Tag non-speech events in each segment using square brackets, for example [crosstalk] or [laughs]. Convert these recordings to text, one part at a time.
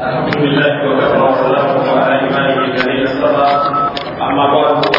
Alhamdulillah, kita bersalawat kepada Imam Ibnu Jalil as-Sabah. Amma kau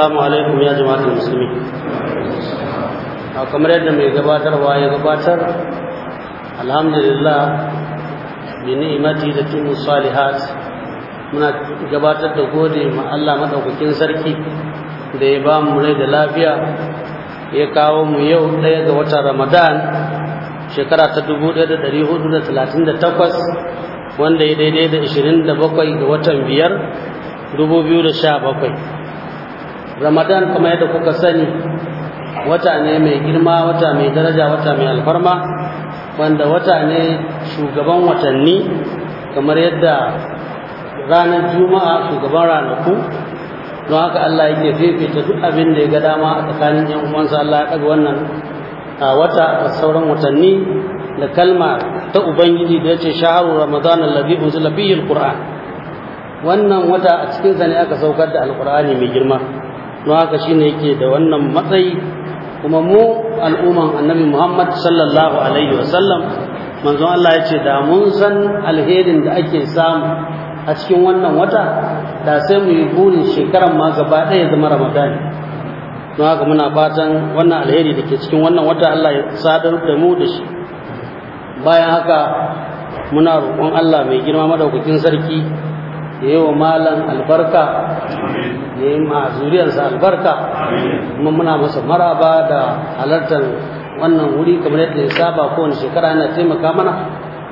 assalamu alaikum ya jama'atul musulmi a kamar yadda mai gabatarwa ya gabatar alhamdulillah bi ni'imati da timu salihat muna gabatar da gode ma Allah madaukakin sarki da ya ba mu rai da lafiya ya kawo mu yau ɗaya ga watan Ramadan shekara ta dubu ɗaya da da da hudu talatin takwas, wanda ya daidai da da bakwai ga watan biyar dubu biyu da sha bakwai. ramadan kuma yadda kuka sani wata ne mai girma wata mai daraja wata mai alfarma wanda wata ne shugaban watanni kamar yadda ranar juma'a shugaban ranaku don haka Allah yake ta duk abin da ya ga dama a tsakanin yan uwansa Allah ya ɗaga wannan A wata a sauran watanni da kalma ta ubangiji da ya ce shaharu ramadan allazi unzila bihi alquran wannan wata a cikin sa ne aka saukar da alqurani mai girma don haka ne yake da wannan matsayi kuma mu al'umman annabi Muhammad sallallahu alaihi wasallam manzon Allah ya da mun san alherin da ake samu a cikin wannan wata da sai mu yi burin shekaran ma gaba ɗaya zama ramadani. don haka muna fatan wannan alheri da ke cikin wannan wata Allah ya sadar da mu da shi bayan haka muna roƙon Allah mai girma madaukakin sarki ya malam albarka ya yi ma zuriyarsa albarka kuma muna masa maraba da halartar wannan wuri kamar yadda ya saba kowane shekara yana taimaka mana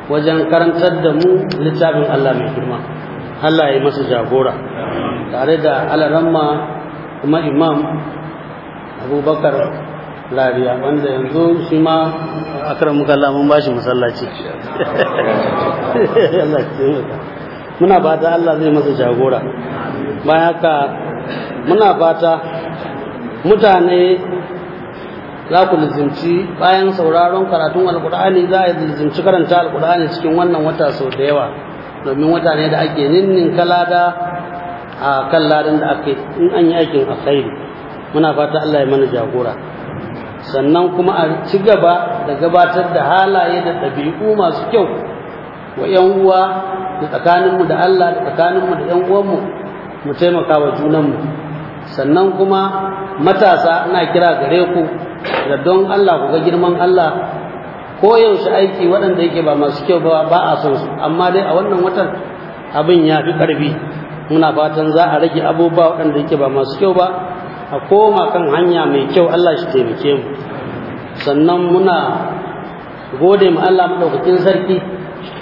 wajen karantar da mu littafin Allah mai girma Allah ya yi masa jagora tare da alaramma kuma imam abubakar lariya wanda yanzu shi ma akram mukalla mun bashi masallaci [laughs] muna ba ta Allah zai masa jagora bayan haka muna fata mutane za ku lizinci bayan sauraron karatun alkur'ani za a lizinci karanta alkur'ani cikin wannan wata sau da yawa domin mutane da ake ninnin kalada a kan ladan da ake in an yi aikin alkhairi muna fata Allah ya mana jagora sannan kuma a ci gaba da gabatar da halaye da ɗabi'u masu kyau wa 'yan uwa da tsakaninmu da Allah da tsakaninmu da 'yan uwanmu mu taimaka wa junanmu sannan kuma matasa ina kira gare ku da don Allah ku ga girman Allah ko yaushe aiki waɗanda yake ba masu kyau ba ba a son su amma dai a wannan watan abin ya fi ƙarfi muna fatan za a rage abubuwa waɗanda yake ba masu kyau ba a koma kan hanya mai kyau Allah shi taimake mu sannan muna gode ma Allah maɗaukakin sarki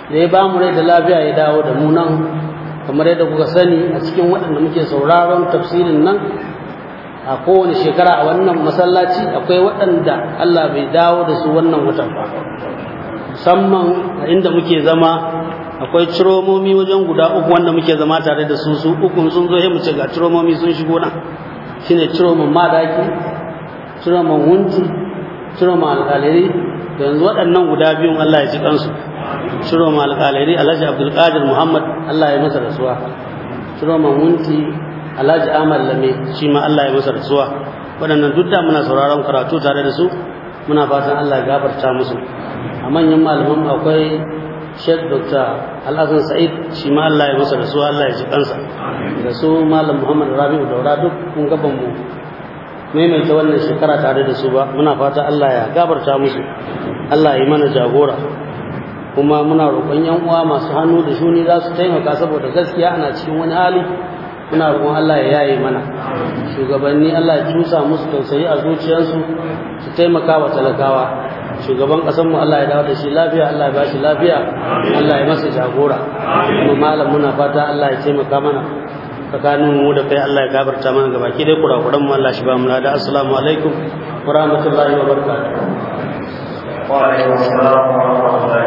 da ya ba mu rai da lafiya ya dawo da mu nan kamar yadda kuka sani a cikin waɗanda muke sauraron tafsirin nan a kowane shekara a wannan masallaci akwai waɗanda Allah bai dawo da su wannan watan ba musamman a inda muke zama akwai ciromomi wajen guda uku wanda muke zama tare da su su uku sun zo mu ce ga ciromomi sun shigo nan shine ciromon madaki ciromon hunti ciromon alƙaliri da yanzu waɗannan guda biyun Allah ya ji kansu ma alƙalari alhaji abdulkadir muhammad allah ya masa rasuwa ma munti alhaji amal lame shi ma allah ya masa rasuwa waɗannan duk da muna sauraron karatu tare da su muna fatan allah ya gafarta musu a manyan malaman akwai sheikh dokta alhassan sa'id shi ma allah ya masa rasuwa allah ya ji kansa da su malam muhammad rabi'u daura duk kun gaban mu maimaita wannan shekara tare da su ba muna fata allah ya gabarta musu allah ya yi mana jagora kuma muna roƙon yan uwa masu hannu da shuni za su taimaka saboda gaskiya ana cikin wani hali muna roƙon Allah ya yaye mana shugabanni Allah ya tusa musu tausayi a zuciyarsu su taimaka wa talakawa shugaban ƙasar mu Allah ya dawo da shi lafiya Allah ya ba shi lafiya Allah ya masa jagora kuma malam muna fata Allah ya taimaka mana tsakanin mu da kai Allah ya gabarta mana gaba ki dai kurakuran mu Allah shi ba mu lada assalamu alaikum wa rahmatullahi wa barakatuh wa alaikum assalam wa rahmatullahi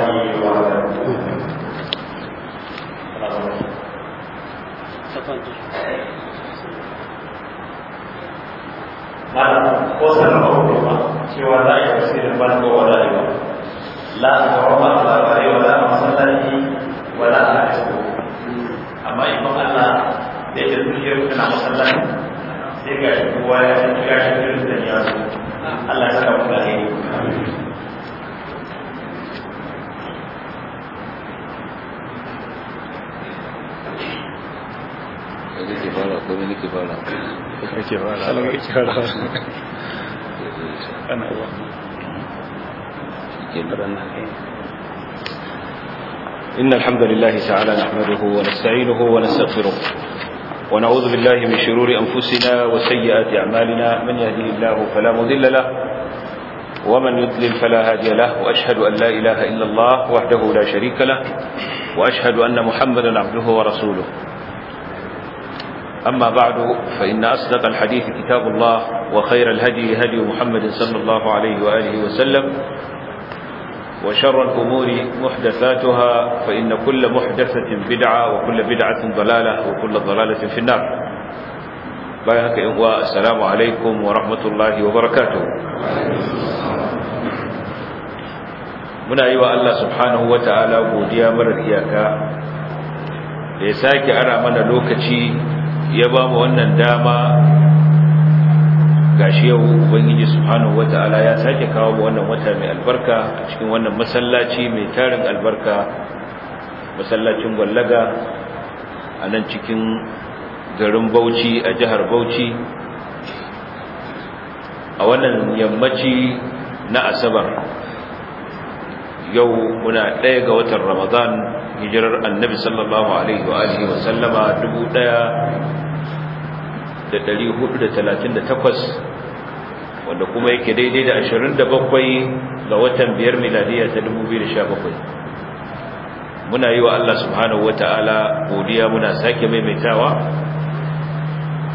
har ko sanarwa ko ba cewa za a yi tafsirin ba ko ba za ba la a ba a masallaci a amma in ba Allah da yake masallaci sai ga shi kowa ya shi da ya zo Allah ya saka da [laughs] إن الحمد لله تعالى نحمده ونستعينه ونستغفره ونعوذ بالله من شرور أنفسنا وسيئات أعمالنا من يهدي الله فلا مذل له ومن يضلل فلا هادي له وأشهد أن لا إله إلا الله وحده لا شريك له وأشهد أن محمدا عبده ورسوله أما بعد فإن أصدق الحديث كتاب الله وخير الهدي هدي محمد صلى الله عليه وآله وسلم وشر الأمور محدثاتها فإن كل محدثة بدعة وكل بدعة ضلالة وكل ضلالة في النار بايعك السلام عليكم ورحمة الله وبركاته من yi الله سبحانه وتعالى wa ta'ala يا marar iyaka da ya sake mana lokaci ya ba mu wannan dama gashi yau ubangiji subhanahu wataala ya sake kawo mu wannan wata mai albarka a cikin wannan masallaci mai tarin albarka masallacin gwallaga a nan cikin garin Bauchi a jihar Bauchi a wannan yammaci na asabar yau muna ɗaya ga watan Ramadan hijirar annabi sallallahu alaihi wa alihi wa sallama 1438 wanda kuma yake daidai da 27 ga watan biyar miladiya ta 2017 muna yi wa Allah subhanahu wataala godiya muna sake maimaitawa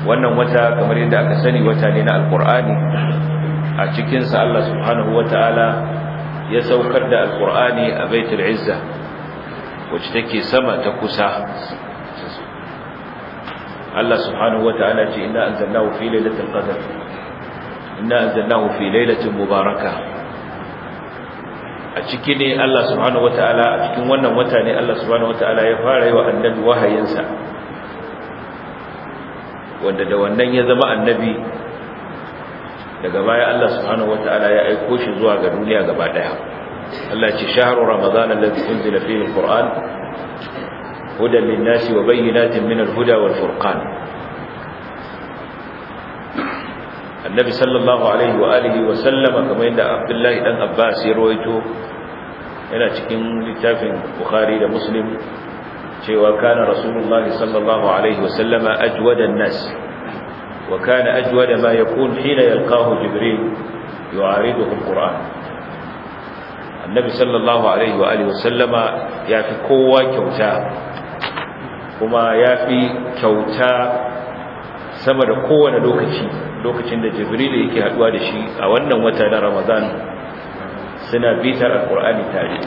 wannan wata kamar yadda aka sani wata ne na alkur'ani a cikinsa Allah subhanahu wataala ya saukar da alkur'ani a baitul izza wacce take sama ta kusa Allah subhanahu wataala ce inna anzalnahu fi lailatul qadr inna anzalnahu fi lailatin mubarakah a ciki ne Allah subhanahu wataala a cikin wannan wata ne Allah subhanahu wataala ya fara yi wa annabi wahayinsa wanda da wannan ya zama annabi daga baya Allah subhanahu wataala ya aiko shi zuwa ga duniya gaba daya Allah ce shahru ramadan alladhi unzila fihi alquran hudan lin-nasi wa bayyinatin min al-huda wal-furqan annabi sallallahu alaihi wa alihi wa sallama kamar yadda abdullahi dan abbas ya rawaito yana cikin littafin bukhari da muslim cewa kana rasulullahi sallallahu alaihi wa sallama ajwada an-nas wa kana ajwada ma yakun hina yalqahu jibril yu'aridu al-qur'an annabi sallallahu alaihi wa alihi wasallama ya fi kowa kyauta kuma ya fi kyauta sama da kowane lokaci lokacin da jibril yake haduwa da shi a wannan wata na ramadan suna bitar alkur'ani tare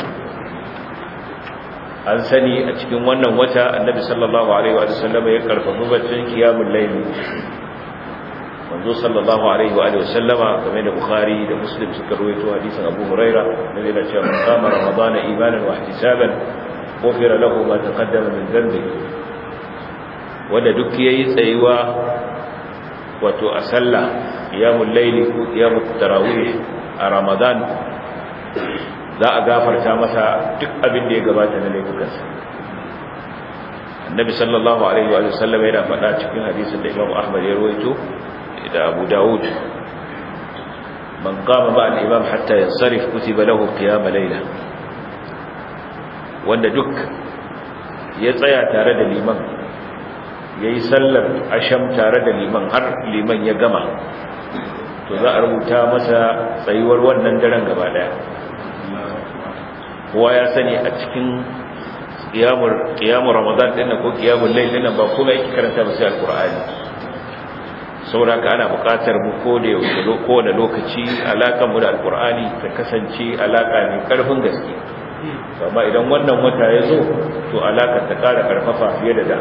an sani a cikin wannan wata annabi sallallahu alaihi wa sallama ya karfafa batun kiyamul layl manzo sallallahu alaihi wa sallama wasallama game da bukhari da muslim suka rawaito hadisin abu huraira da yana cewa man qama ramadana imanan wa ihtisaban ghufira lahu ma taqaddama min dhanbi wanda duk yayi tsayuwa wato a sallah qiyamul layli ko qiyamut tarawih a ramadan za a gafarta masa duk abin da ya gabata na laifukansa annabi sallallahu alaihi wa sallam yana faɗa cikin hadisin da Imam Ahmad ya rawaito da abu dawud man qama ba al-imam hatta yansarif kutiba lahu qiyam layla wanda duk ya tsaya tare da liman yayi sallar asham tare da liman har liman ya gama to za a rubuta masa tsayuwar wannan daren gaba daya kowa ya sani a cikin qiyamul qiyamul ramadan din ko qiyamul layl din ba kuma yake karanta ba sai alqur'ani sauraka ana bukatar mu da lokaci mu da alkur'ani ta kasance alaƙa mai ƙarfin gaske amma idan wannan wata ya zo to alaƙar ta ƙara ƙarfafa fiye da da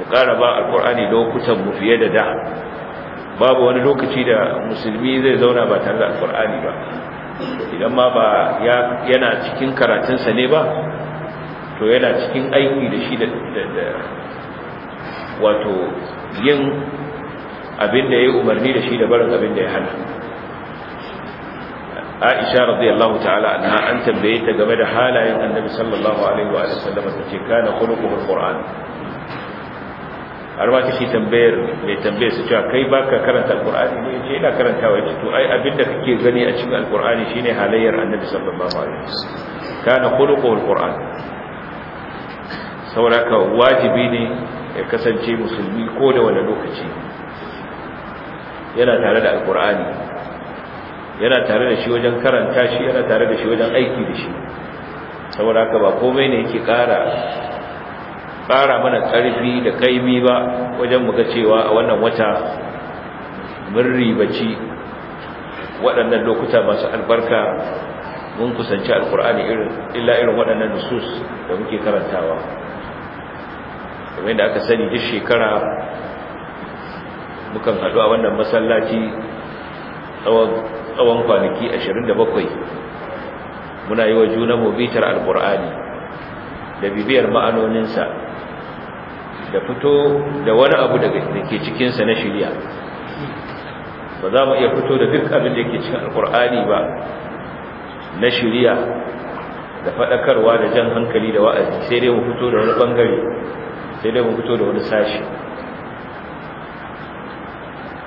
mu ƙara ba alkur'ani mu fiye da da babu wani lokaci da musulmi zai zauna ba tare da alkur'ani ba idan ma ba yana cikin karatunsa ne ba to yana cikin aiki da shi da wato yin abin da ya umarni da shi da barin abin da ya hana Aisha radiyallahu ta'ala anha an tambaye ta game da halayen Annabi sallallahu alaihi wa sallam ta ce kana khuluquhul Qur'an har ma take tambayar me tambaye su cewa kai baka karanta Qur'ani ne ce ina karantawa ce to ai abin da kake gani a cikin Al-Qur'ani shine halayyar Annabi sallallahu alaihi wa sallam kana khuluquhul Qur'an saboda wajibi ne ya kasance musulmi ko da wani lokaci yana tare da alkur'ani yana tare da shi wajen karanta shi yana tare da shi wajen aiki da shi saboda haka ba komai ne yake ƙara ƙara mana ƙarfi da kaimi ba wajen muga cewa a wannan wata mun ribaci waɗannan lokuta masu albarka mun kusanci alkur'ani illa irin waɗannan nusus da muke karantawa kamar yadda aka sani duk shekara mukan haɗu a wannan masallaci tsawon kwanaki 27 muna yi wa juna bitar alkur'ani da bibiyar ma'anoninsa da fito da wani abu da ke cikinsa na shirya ba za mu iya fito da duk abin da ke cikin alkur'ani ba na shirya da faɗakarwa da jan hankali da wa'azi sai dai mu fito da wani ɓangare sai dai mu fito da wani sashi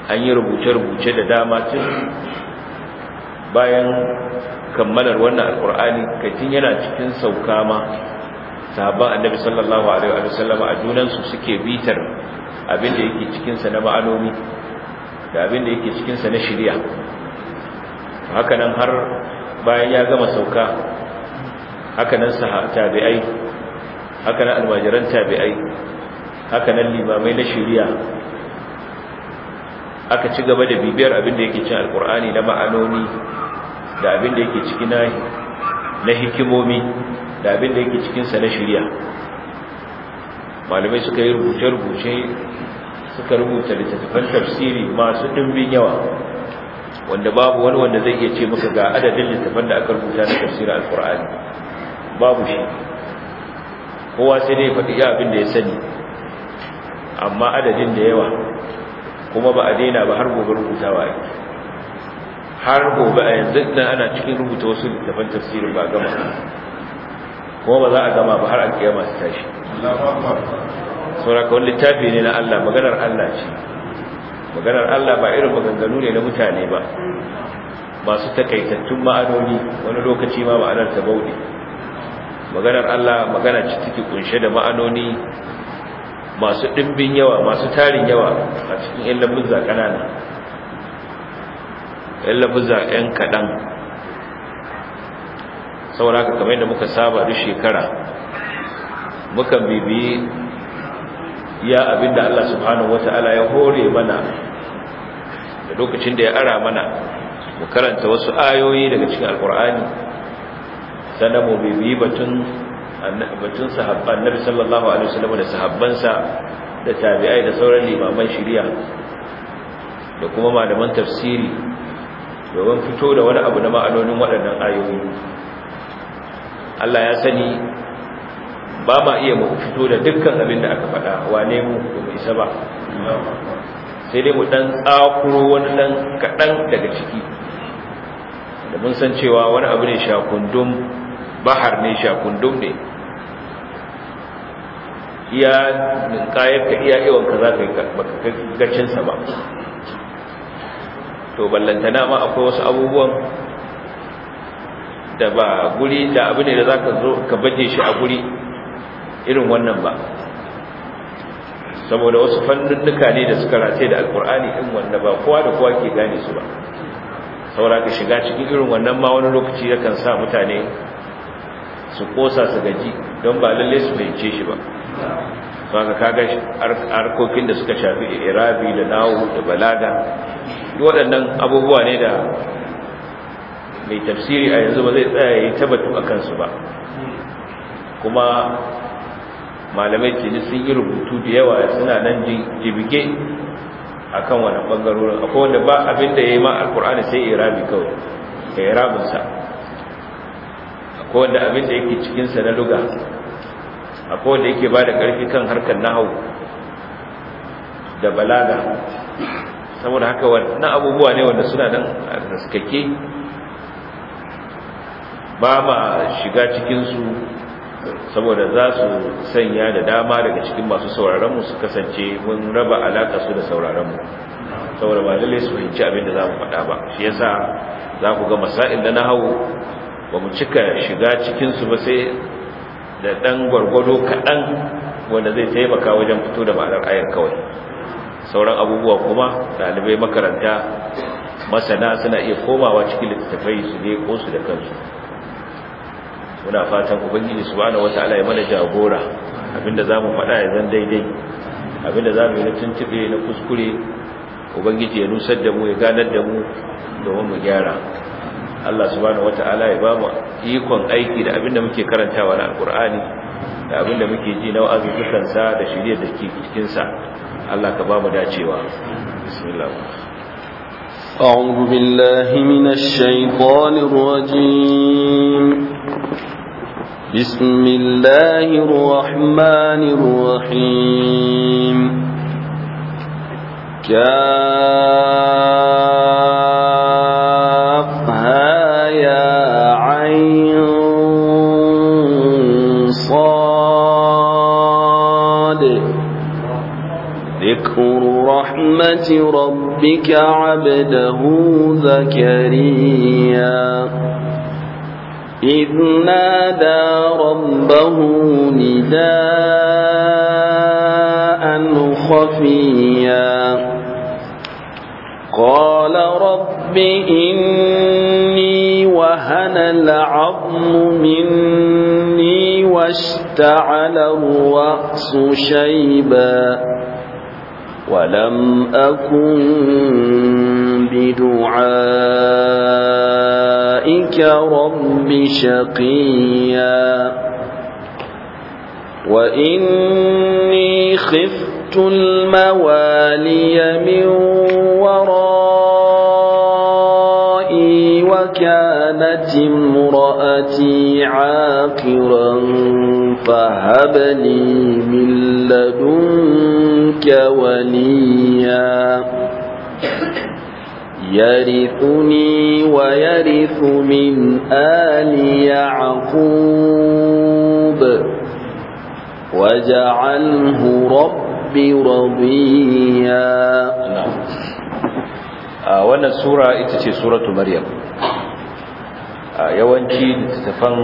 an yi rubuce-rubuce da dama tun bayan kammalar wannan alkur'ani kacin yana cikin sauka ma sahabban annabi sallallahu alaihi wa sallam a junansu suke bitar abinda yake cikinsa na ma'anomi da abinda yake cikinsa na shirya hakanan har bayan ya gama sauka hakanan tabi'ai hakanan almajiran tabi'ai hakanan limamai na shirya aka ci gaba da bibiyar abin da yake cin alkur'ani na ma'anoni da abin da yake ciki na hikimomi da abin da yake cikinsa na shirya malamai suka yi rubuce-rubuce suka rubuta littattafan tafsiri masu ɗimbin yawa wanda babu wani wanda zai iya ce maka ga adadin littattafan da aka rubuta na tafsirin alkur'ani babu shi kowa sai dai faɗi abin da ya sani amma adadin da yawa kuma ba a daina ba har gobe rubutawa ake har gobe a yanzu nan ana cikin rubuta wasu littafan tafsirin ba gama kuma ba za a gama ba har alkiyama masu tashi sauraka wani littafi ne na Allah maganar Allah ce maganar Allah ba irin maganganu ne na mutane ba masu takaitattun ma'anoni wani lokaci ma ma'anar ta bauɗe maganar Allah magana ce take ƙunshe da ma'anoni masu ɗimbin yawa masu tarin yawa a cikin yan lambuzza ƙanana yan lambuzza yan kaɗan saboda haka kamar yadda muka saba duk shekara muka bibiyi ya abinda Allah subhanahu wata'ala ya hore mana da lokacin da ya ara mana mu karanta wasu ayoyi daga cikin alkur'ani sannan mu bibiyi batun batun sahabban nabi sallallahu alaihi wasallam da sahabbansa da tabi'ai da sauran limaman shari'a da kuma malaman tafsiri domin fito da wani abu na ma'anonin waɗannan ayoyi Allah ya sani ba ma iya mu fito da dukkan abin da aka faɗa wane mu ba mu isa ba sai dai mu dan tsakuro wani dan kaɗan daga ciki da mun san cewa wani abu ne shakundum bahar ne Sha gundum ne iya ninkayar ka iya iwon ka za ka yi sa ba to ballantana ma akwai wasu abubuwan da ba guri da abu ne da za ka zo ka baje shi a guri irin wannan ba saboda wasu duka ne da suka race da alkur'ani in wanda ba kowa da kowa ke gane su ba saura ka shiga cikin irin wannan ma wani lokaci yakan sa mutane su kosa su gaji don ba lalle su fahimce shi ba ka kaga harkokin da suka shafi irabi da nawo da balaga waɗannan abubuwa ne da mai tafsiri a yanzu ba zai tsaya ya yi tabbatu a kansu ba kuma malamai cini sun yi rubutu da yawa suna nan jibige a kan wani ɓangarorin akwai wanda ba abinda ya yi ma alkur'ani sai irabi kawai irabinsa ko wanda abin da yake cikinsa na luga akwai wanda yake ba da ƙarfi kan harkar nahau da balaga saboda haka wannan abubuwa ne wanda suna nan raskake ba ma shiga cikinsu saboda za su sanya da dama daga cikin masu sauraronmu su kasance mun raba alaƙa su da sauraronmu saboda ba lalle su fahimci abin da za mu faɗa ba shi yasa za ku ga masa'il da na hau ba mu cika shiga cikinsu ba sai da ɗan gwargwado kaɗan wanda zai taimaka wajen fito da ma'anar ayar kawai sauran abubuwa kuma ɗalibai makaranta masana suna iya komawa cikin littattafai su ne ko su da kansu muna fatan ubangiji subhanahu wata'ala ya mana jagora abinda zamu faɗa ya zan daidai abinda zamu yi na tuntube na kuskure ubangiji ya nusar da mu ya ganar da mu domin mu gyara Allah subhanahu wata'ala ya bamu ikon aiki da abinda muke karantawa na alkur'ani da abinda muke ji na wa'azin sa da shirye da ke cikin sa Allah ka ba mu dacewa bismillah أعوذ بالله من الشيطان الرجيم بسم الله الرحمن الرحيم كان وذكر رحمة ربك عبده زكريا إذ نادى ربه نداء خفيا قال رب إني وهن العظم مني واشتعل الرأس شيبا ولم أكن بدعائك رب شقيا وإني خفت الموالي من ورائي وكانت امرأتي عاقرا فهب لي من لدنك وليا يرثني ويرث من آل يعقوب واجعله رب رضيا wannan sura ita سورة مريم A yawanci littattafan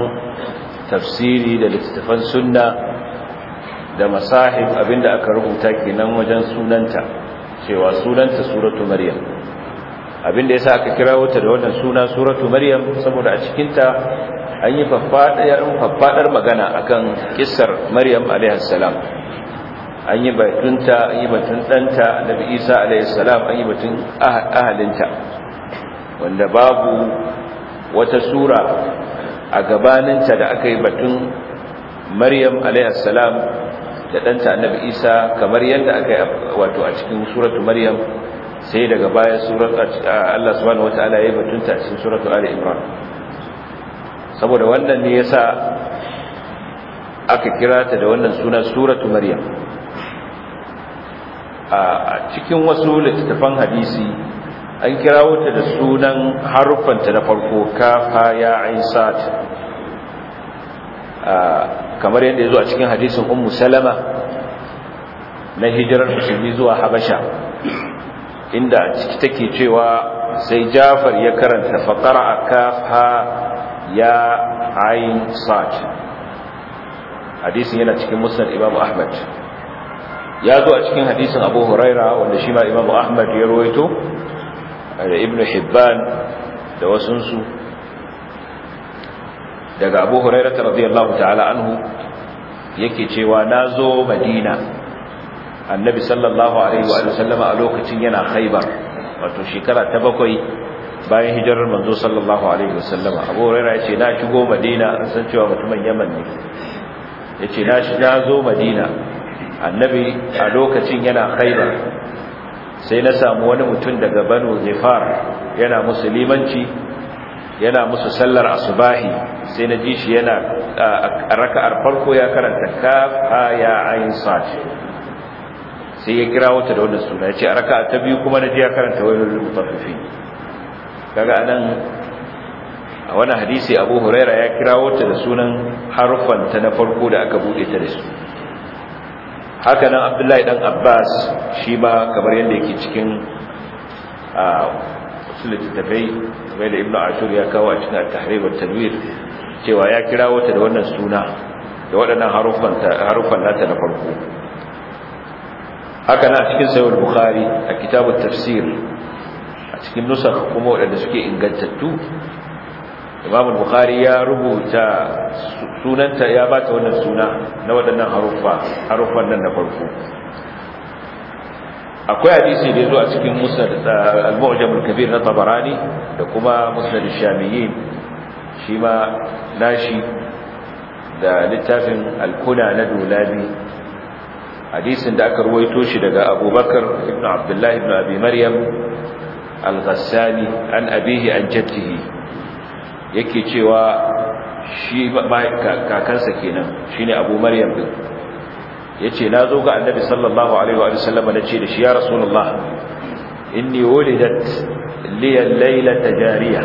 tafsiri da littattafan sunna da masahib abinda aka rubuta kenan wajen sunanta cewa sunanta suratu maryam abinda yasa aka kira wata da wannan suna suratu maryam saboda a cikin an yi faffadar magana akan kissar maryam alaiha salam an yi batunta an yi batun danta annabi isa alaihi salam an yi batun ahalinta wanda babu wata sura a gabaninta da aka yi batun maryam alaihissalam da ɗanta annabi isa kamar yadda aka yi wato a cikin suratu maryam sai daga baya allah subhanahu wa ta'ala ya yi batunta a cikin suratu ali imran saboda wannan ne yasa aka kira ta da wannan suna suratu maryam a cikin wasu littattafan hadisi an kira ta da sunan haruffanta na farko kafa ya ain ah, kamar yadda ya zo a cikin hadisun ummu salama na hijirar musulmi zuwa habasha inda a ciki take cewa sai jafar ya karanta faƙara a kafa ya ain sa'ad yana cikin musnad imamu ahmad ya zo a cikin hadisin abu huraira wanda shi ma imamu ahmad ya ruwaito. da ibn hibban da wasunsu daga abu hurairata radiyallahu ta'ala anhu yake cewa na zo madina annabi sallallahu alaihi wa sallama a lokacin yana haiba wato shekara ta bakwai bayan hijirar manzo sallallahu alaihi wa sallama abu hurairata ya ce na shigo madina an san cewa mutumin yaman ne ya ce na zo madina annabi a lokacin yana haiba. sai na samu wani mutum daga banu zifar yana musu limanci, yana musu sallar asubahi sai na ji shi yana a raka'ar farko ya karanta kafa ya ayin sashi sai ya kira wata da wani suna ya ce a raka'a ta biyu kuma na ji ya karanta wani mutafifi kaga anan a wani hadisi abu huraira ya kira wata da sunan harufanta na farko da aka buɗe ta da su haka nan abdullahi dan abbas shi ma kamar yadda yake cikin littattafai mai da ibnu ashur ya kawo a cikin tahribar tanwir cewa ya kira wata da wannan suna da waɗannan harufan nata na farko haka a cikin sayar bukhari a kitabun tafsir a cikin nusar kuma waɗanda suke ingantattu imam bukhari ya rubuta sunanta ya bata wannan suna na waɗannan haruffa haruffan nan na farko akwai hadisi da zo a cikin musnad uh, al-mu'jam al-kabir na tabarani da kuma musnad ash-shamiyyin shi ma nashi da littafin al-kuna na dulabi hadisin da aka ruwaito shi daga abubakar ibn abdullahi ibn abi maryam al-ghassani an abihi an jaddihi yake cewa shi kakansa kenan shine abu maryam din yace na zo ga annabi sallallahu alaihi wa sallam na ce da shi ya rasulullah inni wulidat liyan al-layla tajariya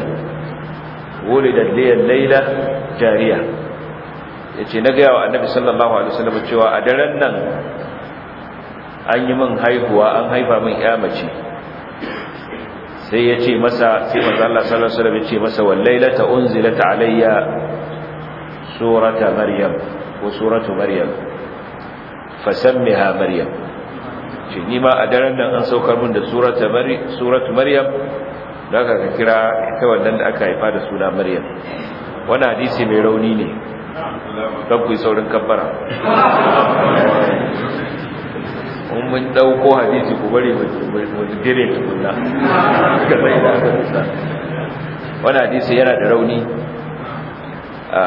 wulidat li layla jariya yace na ga wa annabi sallallahu alaihi wa sallam cewa a daren nan an yi min haihuwa an haifa min iyamace. sai ya ce masa sai manzo Allah sallallahu alaihi wasallam ya ce masa wallailata unzilat alayya surata maryam ko suratu maryam fasammiha maryam shi ni ma a daren nan an saukar mun da surata maryam suratu maryam da ka kira ita wannan da aka haifa da suna maryam wani hadisi mai rauni ne don ku yi saurin kabbara in mun dauko hadisi ku bari mu dire tukunna ga sai da wannan hadisi yana da rauni a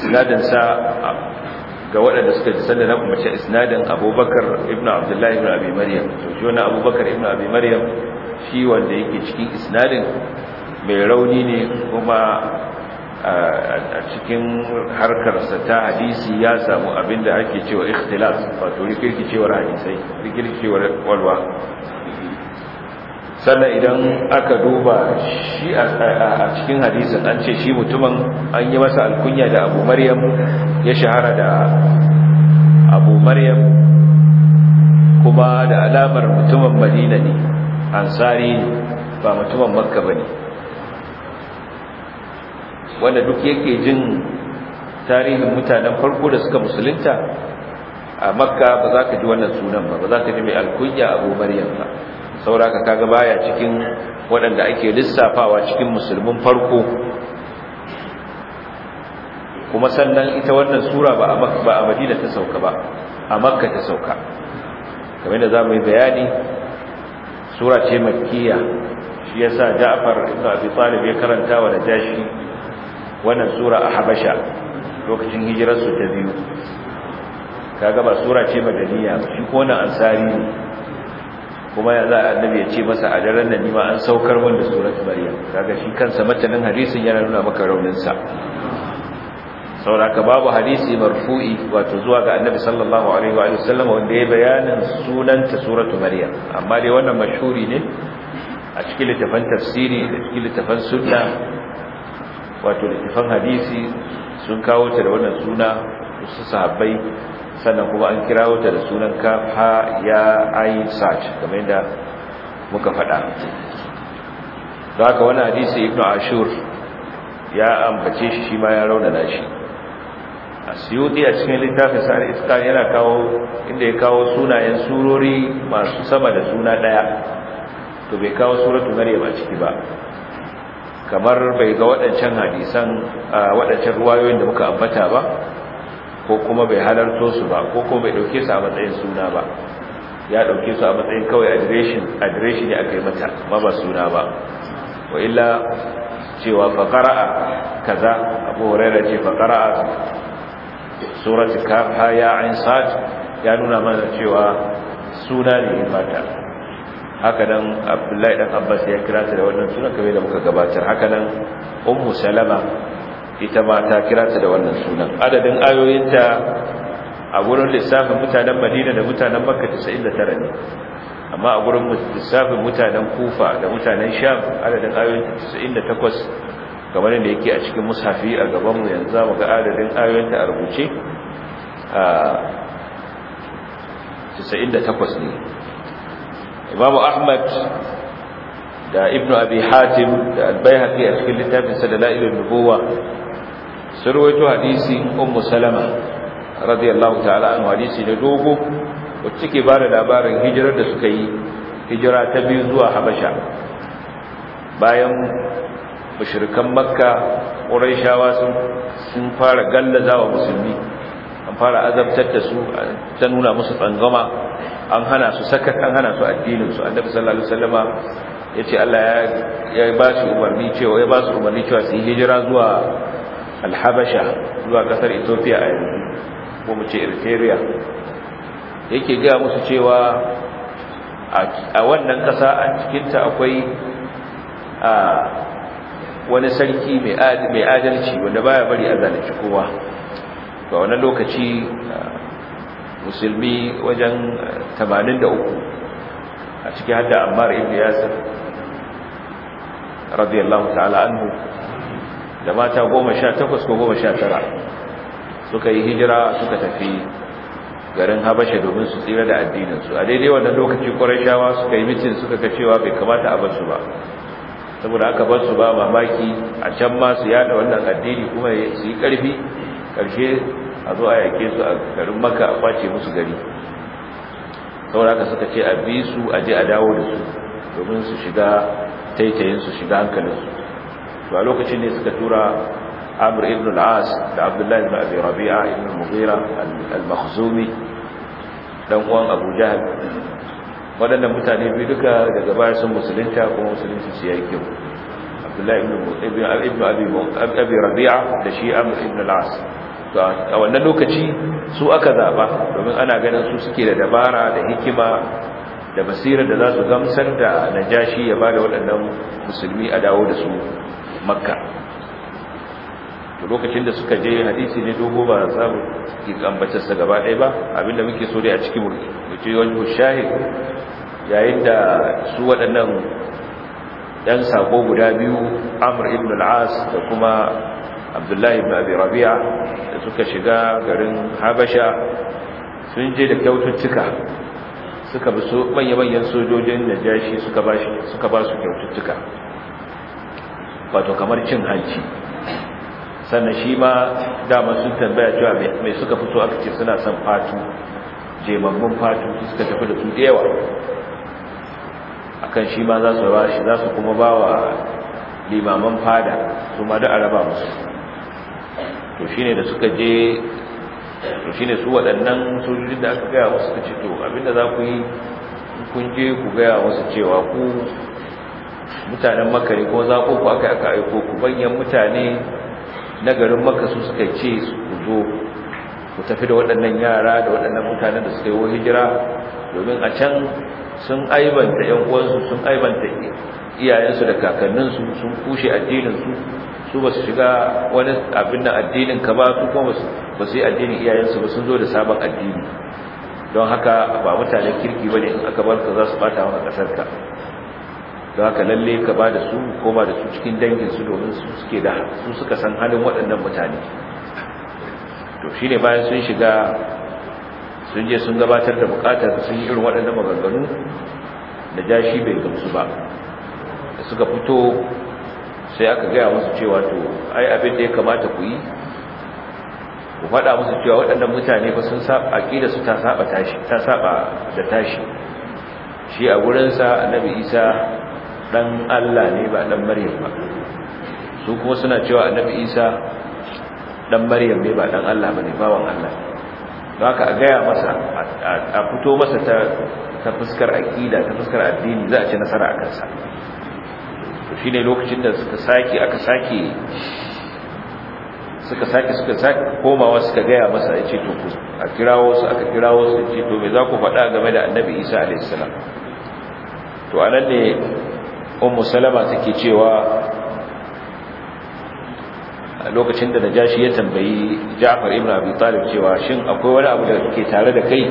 isnadin sa ga waɗanda suka ji sallan kuma ce isnadin Abubakar ibn Abdullah ibn Abi Maryam to jona Abu Abubakar ibn Abi Maryam shi wanda yake cikin isnadin mai rauni ne kuma a cikin harkarsa ta hadisi ya samu abinda ake cewa ikhtilaf wato rikirkicewar hadisai rikirkicewar walwa sannan idan aka duba shi a cikin hadisin an ce shi mutumin an yi masa alkunya da abu maryam ya shahara da abu maryam kuma da alamar mutumin madina ne ansari ba mutumin makka ba ne wanda duk yake jin tarihin mutanen farko da suka musulunta a makka ba za ka ji wannan sunan ba ba za ka ji mai alkunya abu maryam ba Saura ka kaga baya cikin waɗanda ake lissafawa cikin musulmin farko kuma sannan ita wannan sura ba a madina ta sauka ba a makka ta sauka kamar da za mu yi bayani sura ce makkiya shi yasa ja'far ibn abi talib ya karanta wa najashi wannan sura a habasha lokacin hijirarsu ta biyu kaga ba sura ce madaniya ba shi ko wannan ansari ne kuma ya za annabi ya ce masa a daren nan nima an saukar min da surat maryam kaga shi kansa matanin hadisin yana nuna maka raunin sa sauraka babu hadisi marfu'i wato zuwa ga annabi sallallahu alaihi wa sallam wanda ya bayanin sunanta suratu maryam amma dai wannan mashhuri ne a cikin littafan tafsiri da cikin littafan sunna wato littafan hadisi sun kawo ta da wannan suna su sahabbai sannan kuma an kirawo ta da sunan ka ha ya ai saj kamar yadda muka faɗa don haka wannan hadisi ibn ashur ya ambace shi shi ma ya raunana shi a a cikin littafin sa'ar iska yana kawo inda ya kawo sunayen surori masu sama da suna ɗaya to bai kawo suratu maryam a ciki ba kamar bai ga waɗancan hadisan waɗancan ruwayoyin da muka ambata ba ko kuma bai halarto su ba ko kuma bai ɗauke su a matsayin suna ba ya ɗauke su a matsayin kawai adireshin Adireshin ya aka yi mata ba ba suna ba wa illa cewa faƙara'a kaza abu huraira ce faƙara'a surat kafa ya ain ya nuna mana cewa suna ne mata haka nan abdullahi dan abbas ya kira ta da wannan sunan kamar da muka gabatar haka nan ummu salama ita ma ta kira ta da wannan sunan adadin ayoyinta a gurin lissafin mutanen madina da mutanen makka 99 ne amma a gurin lissafin mutanen kufa da mutanen sham adadin ayoyinta 98 kamar da yake a cikin mushafi a gabanmu yanzu mu ga adadin ayoyinta a rubuce 98 ah, ne imamu ahmad da ibnu abi hatim da albayhaqi a cikin littafin sa da la'ilun nubuwa sun rawaito hadisi ummu salama radiyallahu ta'ala anhu hadisi ne dogo wacce take ba da labarin hijirar da suka yi hijira ta biyu zuwa habasha bayan mushrikan makka ƙurayshawa sun fara gallazawa musulmi an fara azabtar da su ta nuna musu tsangama an hana su sakar an hana su addinin su annabi sallallahu alaihi wasallama yace Allah ya ba su umarni cewa ya ba su umarni cewa su hijira zuwa al-Habasha zuwa kasar Ethiopia a yanzu ko mu ce Eritrea yake ga musu cewa a wannan kasa a cikin ta akwai a wani sarki mai adalci wanda baya bari a zalunci kowa to a wannan lokaci uh, musulmi wajen 83 uh, a cikin hadda ammar ibn yasir radiyallahu ta'ala anhu da mata 18 ko 19 suka yi hijira suka tafi garin habasha domin su tsira da addininsu a daidai wannan lokaci ƙwararrawa suka yi mitin suka ga cewa bai kamata a basu ba saboda aka basu ba mamaki a can ma su yada wannan addini kuma su yi ƙarfi Karshe a zo a yake su a garin maka a kwace musu gari sauraka suka ce a bi su a je a dawo da su domin su shiga taitayin su shiga hankalinsu to a lokacin ne suka tura amr ibn al-as da abdullahi ibn abi rabi'a ibn al-mughira al-makhzumi dan uwan abu jahl waɗannan mutane biyu duka daga baya sun musulunta kuma musulunci su yayi kyau abdullahi ibn ibn abi rabi'a da shi amr ibn al-as a wannan lokaci su aka zaba domin ana ganin su suke da dabara da hikima da basirar da za su gamsar da najashi ya ba da waɗannan musulmi a dawo da su makka to lokacin da suka je hadisi ne dogo ba za mu ke ambatarsa gaba ɗaya ba abinda muke so dai a cikin mutum wani shahid yayin da su waɗannan ɗan sako guda biyu amur ibn al'as da kuma abdullahi ibn abi rabi'a da suka shiga garin habasha sun je da kyaututtuka suka bi su manya-manyan sojojin najashi suka suka ba su kyaututtuka wato kamar cin hanci sannan shi ma dama sun tambaya cewa mai suka fito aka ce suna son fatu jemammun fatu suka tafi da su da yawa akan shi ma za su ba shi za su kuma ba wa limaman fada su ma da araba musu to shine da suka je to shine su waɗannan sojojin da aka gaya wasu ce to abinda za ku yi kun je ku gaya wasu cewa ku mutanen maka ne ko za ku ku aka aka aiko ku banyan mutane na garin maka su suka ce su zo ku tafi da waɗannan yara da waɗannan mutanen da suka yi wa hijira domin a can sun aibanta ‘yan uwansu sun aibanta iyayensu da kakanninsu sun kushe addininsu su ba su shiga wani abin da addinin ka ba su kuma ba su yi addinin iyayensu ba sun zo da sabon addini don haka ba mutanen kirki ba ne in aka bar ka za su bata wani ka. don haka lalle ka ba da su ko ba da su cikin danginsu domin su suke da su suka san halin waɗannan mutane to shi ne bayan sun shiga sun je sun gabatar da bukatar sun yi irin waɗannan maganganu da jashi bai gamsu ba da suka fito sai aka gaya musu cewa to ai abin da ya kamata ku yi ku faɗa musu cewa waɗannan mutane ba sun saba aqida su ta saba tashi ta saba da tashi shi a gurinsa annabi isa dan Allah ne ba dan maryam ba su kuma suna cewa annabi isa dan maryam ne ba dan Allah bane bawan Allah haka a gaya masa a fito masa ta ta fuskar aqida ta fuskar addini za a ci nasara a kansa to shine lokacin da suka saki aka saki suka saki suka saki komawa suka gaya masa yace to ku a kirawo su aka kirawo su yace to me za ku faɗa game da annabi Isa alaihi salam to anan ne ummu salama take cewa lokacin da na najashi ya tambayi Ja'far ibn Abi Talib cewa shin akwai wani abu da ke tare da kai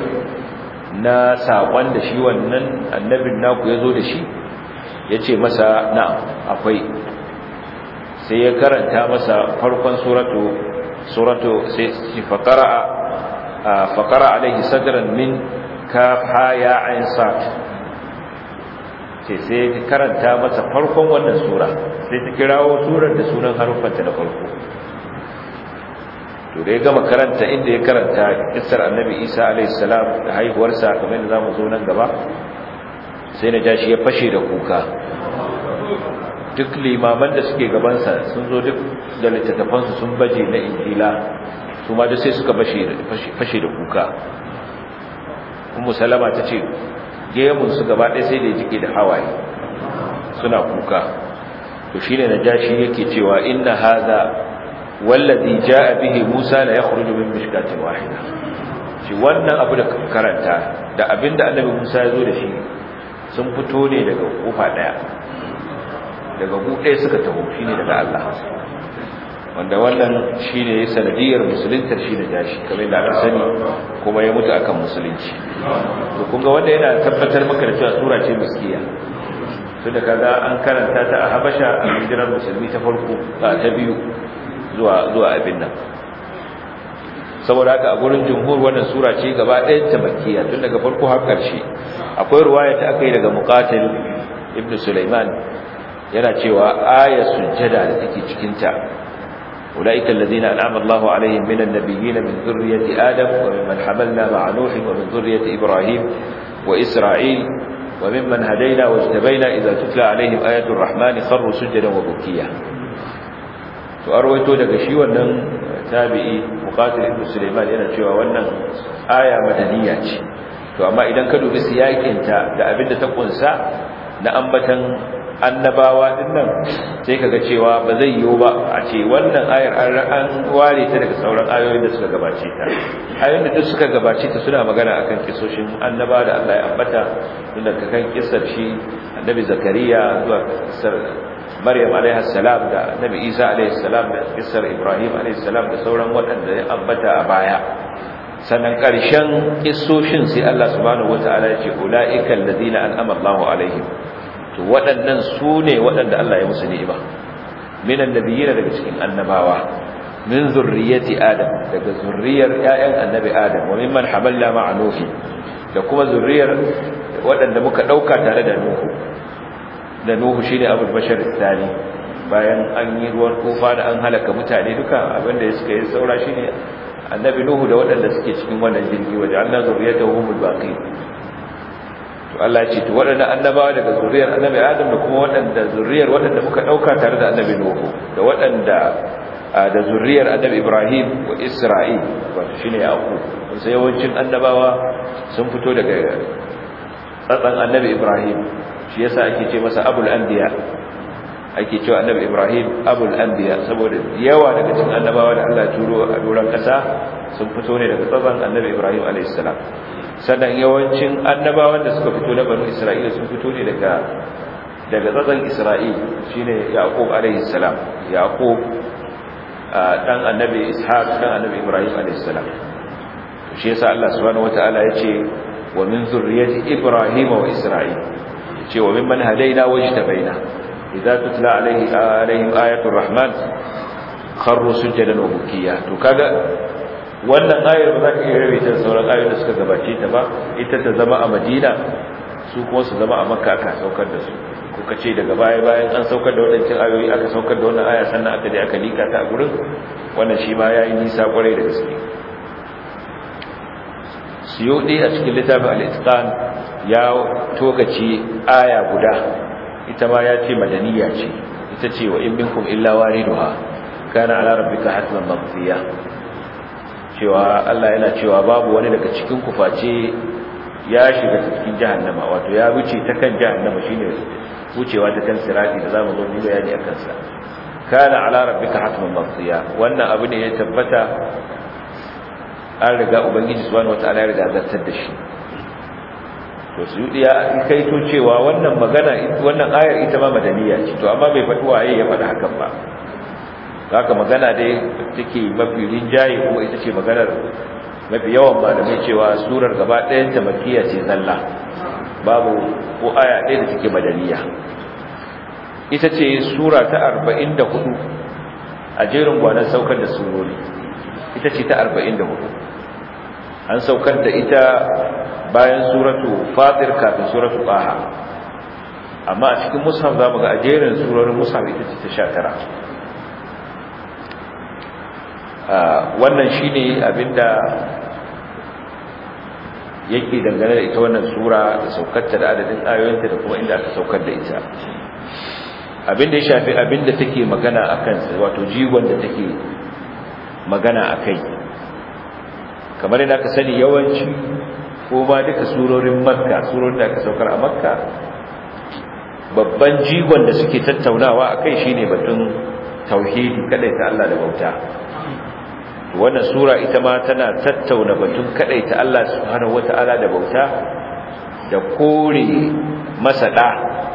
na saƙon da shi wannan annabin naku zo da shi ya ce masa na akwai sai ya karanta masa farkon suratu suratu sai faƙara faqara alaihi sadran min kafaya ya ain sad sai sai karanta masa farkon wannan sura sai ta kirawo surar da sunan harufanta da farko to da ya gama karanta inda ya karanta kissar annabi isa salam da haihuwarsa kamar da za mu zo nan gaba sai na ja shi ya fashe da kuka duk limaman da suke gabansa sun zo duk da littattafansu sun baje na injila su ma da sai suka fashe da kuka kuma salama ta ce gemunsu gaba ɗaya sai da ya jike da hawaye suna kuka to shi ne na jashi yake cewa inna haza wallazi ja'a bihi musa la yakhruju min mishkatin wahida shi wannan abu da karanta da abinda annabi musa ya zo da shi sun fito ne daga kofa daya daga buɗe suka taho shi ne daga Allah wanda wannan shi ne sanadiyar musuluntar shi da jashi kamar da aka sani kuma ya mutu akan musulunci to kun ga wanda yana tabbatar maka da cewa sura ce muskiya to da kaga an karanta ta a habasha a hijirar musulmi ta farko ta biyu zuwa zuwa abin nan saboda haka a gurin jumhur wannan sura ce gaba ɗayan ta makkiya tun daga farko har ƙarshe akwai ruwaya ta aka yi daga muqatil ibnu sulaiman yana cewa ayat sujjada da take cikin ta ulaiikal ladina an'ama Allahu alaihim minan nabiyyin min dhurriyyati adam wa mimman hamalna ma'a nuh wa min dhurriyyati ibrahim wa isra'il wa mimman hadayna wajtabaina idza tutla alaihim ayatul rahmani kharru sujjadan wa bukiya to arwaito daga shi wannan tabi'i muqatil ibn sulaiman yana cewa wannan aya madaniya ce to amma idan ka dubi siyakinta da abinda ta kunsa na ambatan annabawa din nan sai kaga cewa ba zai yiwu ba a ce wannan ayar an ware ta daga sauran ayoyin da suka gabace ta ayoyin da duk suka gabace ta suna magana akan kisoshin annaba da Allah ya ambata tunda kakan kisar shi annabi zakariya zuwa kisar maryam alaiha salam da annabi isa alaihi salam da kisar ibrahim alaihi salam da sauran waɗanda ya ambata a baya sannan ƙarshen kisoshin sai Allah subhanahu wataala ya ce ulaiikal ladina an'ama Allahu alaihim to waɗannan su ne waɗanda Allah ya musu ni'ima minan nabiyina daga cikin annabawa min zurriyyati adam daga zurriyar ƴaƴan annabi adam wa mimman hamalna ma'a nuhi da kuma zurriyar waɗanda muka ɗauka tare da nuhu da nuhu shine abul bashar tsani bayan an yi ruwan tufa da an halaka mutane duka abinda ya suka yi saura shine annabi nuhu da waɗanda suke cikin wannan jirgi waje Allah zuriyatahu humul baqi Allah ce to waɗannan annabawa daga zuriyar annabi Adam da kuma waɗanda zuriyar waɗanda muka ɗauka tare da annabi Nuhu da waɗanda da zuriyar annabi Ibrahim wa Isra'il wato shine Yaqub sai yawancin annabawa sun fito daga tsatsan annabi Ibrahim shi yasa ake ce masa abul anbiya ake cewa annabi Ibrahim abul anbiya saboda yawa daga cikin annabawa da Allah turo a doran kasa sun fito ne daga tsatsan annabi Ibrahim alayhis salam sannan yawancin annabawan da suka fito na banu isra'ila sun fito ne daga daga tsatsan isra'il shi ne alaihi salam yaqub dan annabi ishaq dan annabi ibrahim alaihi salam shi yasa Allah subhanahu wataala ya ce wa min zurriyyati Ibrahima wa isra'il Ya ce wa mimman hadaina wajtabaina idza tutla alaihi alaihim ayatul rahman kharru sujadan wa bukiya to kaga wannan ayar ba za ka iya rabe ta sauran ayoyin da suka gabace ta ba ita ta zama a madina su kuma su zama a makka aka saukar da su kuka ce daga baya bayan an saukar da waɗancan ayoyi aka saukar da wannan aya sannan aka je aka lika ta a gurin wannan shi ma ya yi nisa kwarai da gaske ɗaya a cikin littafin al'itikan ya tokaci aya guda ita ma ya ce madaniya ce ita ce wa in minkum illa wariduha kana ala rabbika hatman maqdiya cewa Allah yana cewa babu wani daga cikin ku face ya shiga cikin jahannama wato ya wuce ta kan jahannama shine wucewa ta kan sirati da zamu zo duba bayani akan sa kana ala rabbika hatman maqdiya wannan abu ne ya tabbata an riga ubangiji subhanahu wataala ya riga zartar da shi to su ya kai to cewa wannan magana wannan ayar ita ma madaniya ce to amma bai faɗi waye ya faɗi hakan ba haka magana dai take mafi rinjaye kuma ita ce maganar mafi yawan malamai cewa surar gaba ɗayan ta makiyya ce zalla babu ko aya ɗaya da take madaniya ita ce sura ta arba'in da hudu, a jerin gwanar saukar da surori ita ce ta arba'in da hudu. an saukar da ita bayan suratu fatir kafin suratu ɓaha. amma a cikin musamman za mu ga a jerin surorin musamman ita ce ta sha tara. Ah, wannan shi shine abinda yake dangane da ita wannan sura da saukarta da adadin ayoyinta da kuma inda aka saukar da ita abinda ya shafi abinda take magana a kansa, wato jigon da take magana a kai, kamar yadda aka sani yawanci ko ba duka surorin makka surorin da aka saukar a makka babban jigon da suke tattaunawa a kai shi ne batun tauhidi kadai ta Allah da bauta wannan sura ita ma tana tattauna batun ta Allah subhanahu wataala da bauta da kore masa da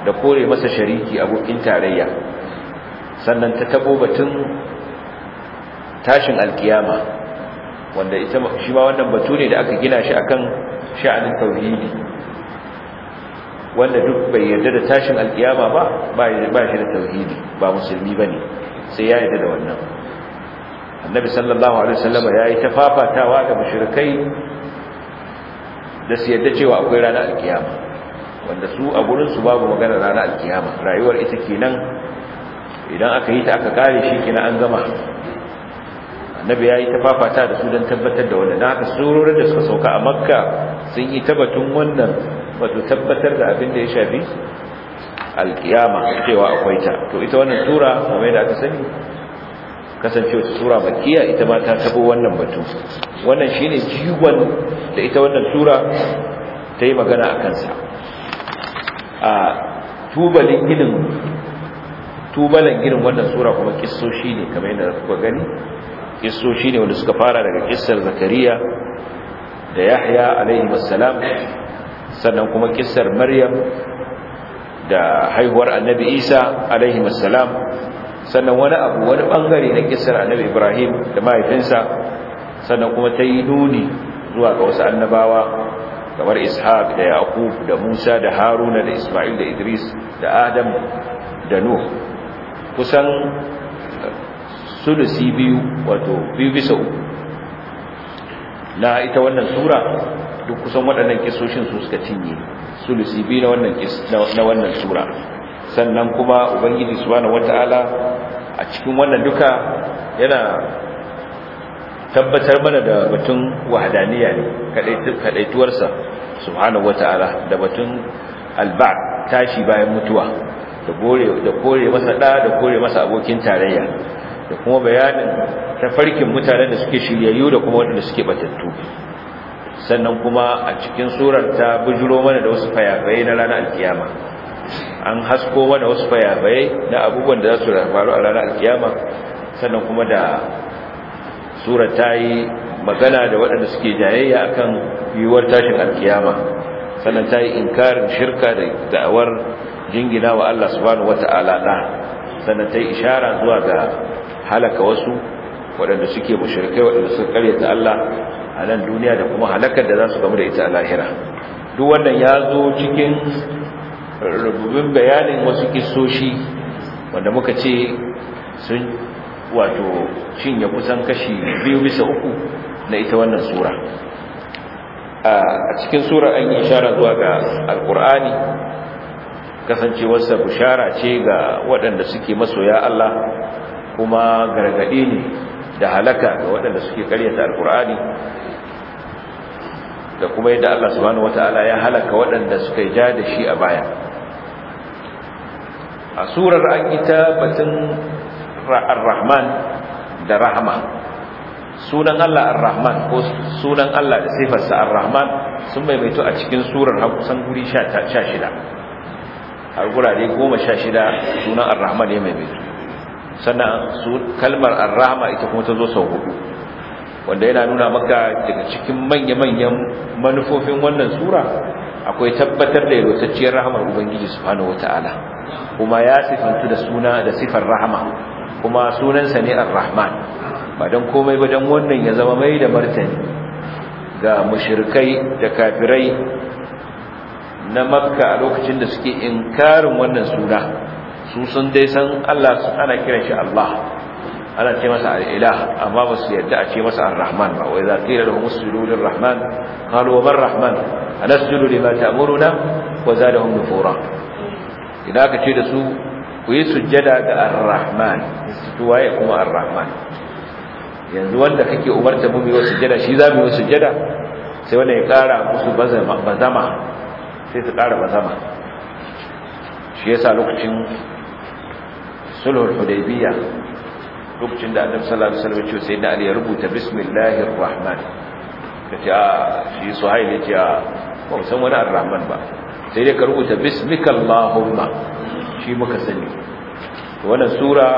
da kore masa shariki abokin tarayya sannan ta tabo batun tashin alkiyama wanda ita shi ma wannan batu ne da aka gina shi akan sha'anin tauhidi wanda duk bai yarda da tashin alkiyama ba ba shi da tauhidi ba musulmi bane sai ya yarda da wannan annabi sallallahu alaihi wasallam yayi tafafatawa da mushrikai da su yadda cewa akwai ranar alkiyama wanda su a gurin su babu magana ranar alkiyama rayuwar ita kenan idan aka yi ta aka kare shi kenan an gama annabi yayi tafafata da su don tabbatar da wannan haka surorin da suka sauka a makka sun yi tabbatun wannan wato tabbatar da abin da ya shafi alkiyama cewa akwai ta to ita wannan tura kamar yadda aka sani kasancewa sura makiya ita ma ta tabo wannan batu wannan shine jiwon da ita wannan sura ta yi magana a kansa a tubalin ginin tubalin ginin wannan sura kuma kissoshi ne kamar yadda kuka gani kissoshi ne wanda suka fara daga kisar zakariya da yahya alaihi wassalam sannan kuma kisar maryam da haihuwar annabi isa alaihi wassalam sannan wani abu wani bangare na kisar annabi ibrahim da mahaifinsa sannan kuma ta yi nuni zuwa ga wasu annabawa kamar ishaq da yaqub da musa da haruna da isma'il da idris da adam da nuh kusan sulusi biyu wato biyu bisa uku na ita wannan sura duk kusan waɗannan kisoshin su suka cinye sulusi biyu na wannan na wannan sura sannan kuma ubangiji subhanahu wataala a cikin wannan duka yana tabbatar mana da batun wahadaniya ne kadaituwarsa subhanahu wataala da batun alba'd tashi bayan mutuwa da gore da kore masa da da kore masa abokin tarayya da kuma bayanin tafarkin mutanen da suke shiryayyu da kuma waɗanda suke batattu sannan kuma a cikin surar ta bujiro mana da wasu fayafaye na ranar alkiyama an hasko mana wasu bayabai na abubuwan da za su faru a ranar alkiyama sannan kuma da tsura ta yi magana da waɗanda suke jayayya akan yiwuwar tashin alkiyama sannan ta yi inkarin shirka da da'awar jingina wa Allah subhanahu wata'ala da sannan ta yi ishara zuwa ga halaka wasu waɗanda suke mushrikai waɗanda suka karyata Allah a nan duniya da kuma halakar da za su gamu da ita a lahira duk wannan ya zo cikin rububin bayanin wasu kisoshi wanda muka ce sun wato cinye kusan kashi biyu bisa uku na ita wannan sura a cikin sura an yi shara zuwa ga alkur'ani kasancewarsa bushara ce ga waɗanda suke masoya Allah kuma gargaɗi ne da halaka ga waɗanda suke karyata alkur'ani da kuma yadda Allah subhanahu wata'ala ya halaka waɗanda suka ja da shi a baya a surar an ita batun ar-rahman da rahama sunan Allah ar-rahman ko sunan Allah da sifarsa ar-rahman sun maimaito a cikin surar hakusan guri 16 har gurare 16 sunan ar-rahman ya maimaito sannan kalmar ar-rahma ita kuma ta zo sau hudu wanda yana nuna maka daga cikin manya-manyan manufofin wannan sura akwai tabbatar da yalwatacciyar rahamar ubangiji subhanahu wataala kuma ya sifantu da suna da sifar rahama kuma sunansa ne ar-rahman ba don komai ba don wannan ya zama mai da martani ga mushrikai da kafirai na makka a lokacin da suke inkarin wannan suna su sun dai san Allah ana kiran shi Allah ana ce masa al'ila, amma ba su yadda a ce masa al-rahman ba wai za ƙira da musulun rahman kalu rahman anasjudu lima ta'muruna wa zadahum nufura idan aka ce da su ku yi sujjada ga ar-rahman to waye kuma al rahman yanzu wanda kake umarta mu biyo sujjada shi za mu yi sujjada sai wanda ya kara musu bazama bazama sai su kara bazama shi yasa lokacin sulhul hudaybiyya lokacin da annabi sallallahu alaihi wasallam ya ce sai da ali ya rubuta bismillahir rahman kace a ah, shi suhaili ya ce ah, ba san wani arrahman ba sai dai ka rubuta bismikallahumma shi muka sani wannan sura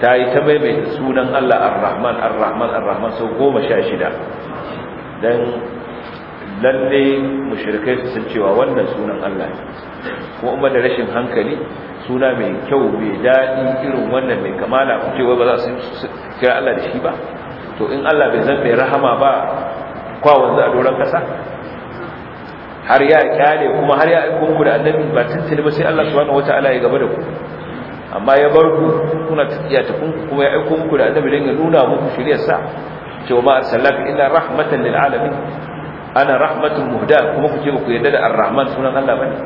ta yi ta maimaita sunan Allah arrahman arrahman arrahman sau goma sha shida don lalle mushrikai su san cewa wannan sunan Allah ne. kuma da rashin hankali suna mai kyau mai daɗi irin wannan mai kamala ku ce wai ba za su kira Allah da shi ba to in Allah bai zan mai rahama ba kwa wanzu a doron kasa har ya kyale kuma har ya aiko ku da annabi ba tuntuni ba sai Allah subhanahu wataala ya gaba da ku amma ya bar ku kuna tafiya ta kun kuma ya aiko muku da annabi don ya nuna muku shiriyar sa cewa ma arsalaka illa rahmatan lil alamin ana rahmatun muhda kuma ku ce ku yadda da arrahman sunan Allah bane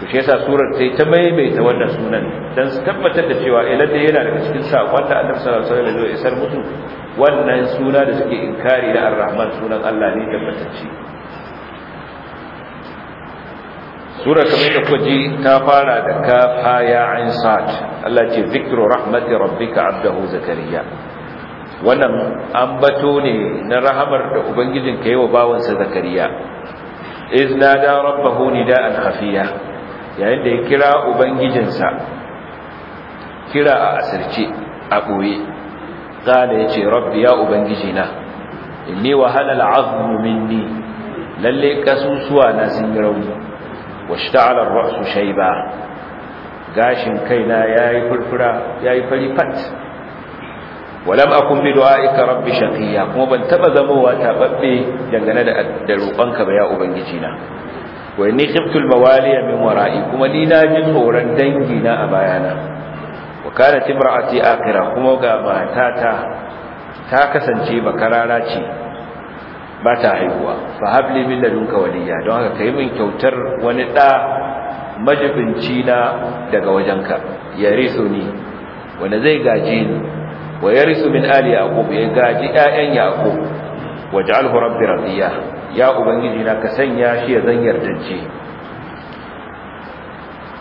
to shi yasa surar sai ta maimaita wannan sunan dan su tabbatar da cewa eh lalle yana daga cikin sakon da Annabi sallallahu alaihi wasallam ya isar mutu wannan suna da suke inkari da arrahman sunan Allah ne tabbatacce sura kamar da kwaji ta fara da kaf ha ya ain sad Allah ce zikru rahmati rabbika abdahu zakariya wannan ambato ne na rahamar da ubangijin ka yi wa bawansa zakariya iz nada rabbahu nida'an khafiya yayin da ya kira ubangijinsa kira a asirce a yace rabbi ya ubangijina inni wahala al'azmu minni Lallai ƙasusuwa na sun yi rauni washta'ala ar-ra'su shayba gashin kaina yayi furfura yayi fari fat walam akun bi du'aika rabbi shaqiya kuma ban taɓa zamowa tababbe dangane da da roƙonka ba ya ubangiji na wa inni khiftu al-mawaliya min wara'i kuma ni na ji tsoron dangi na a bayana wa kanat imra'ati akira kuma ga matata ta kasance bakarara ce ba ta haihuwa fa habli min ladunka waliya don haka kai min kyautar wani da majibinci na daga wajenka Ya ni, wanda zai gaji ni wa yarithu min ali yaqub ya gaji ƴaƴan yaqub waj'alhu rabbi radiya ya ubangiji na ka sanya shi ya zan yardace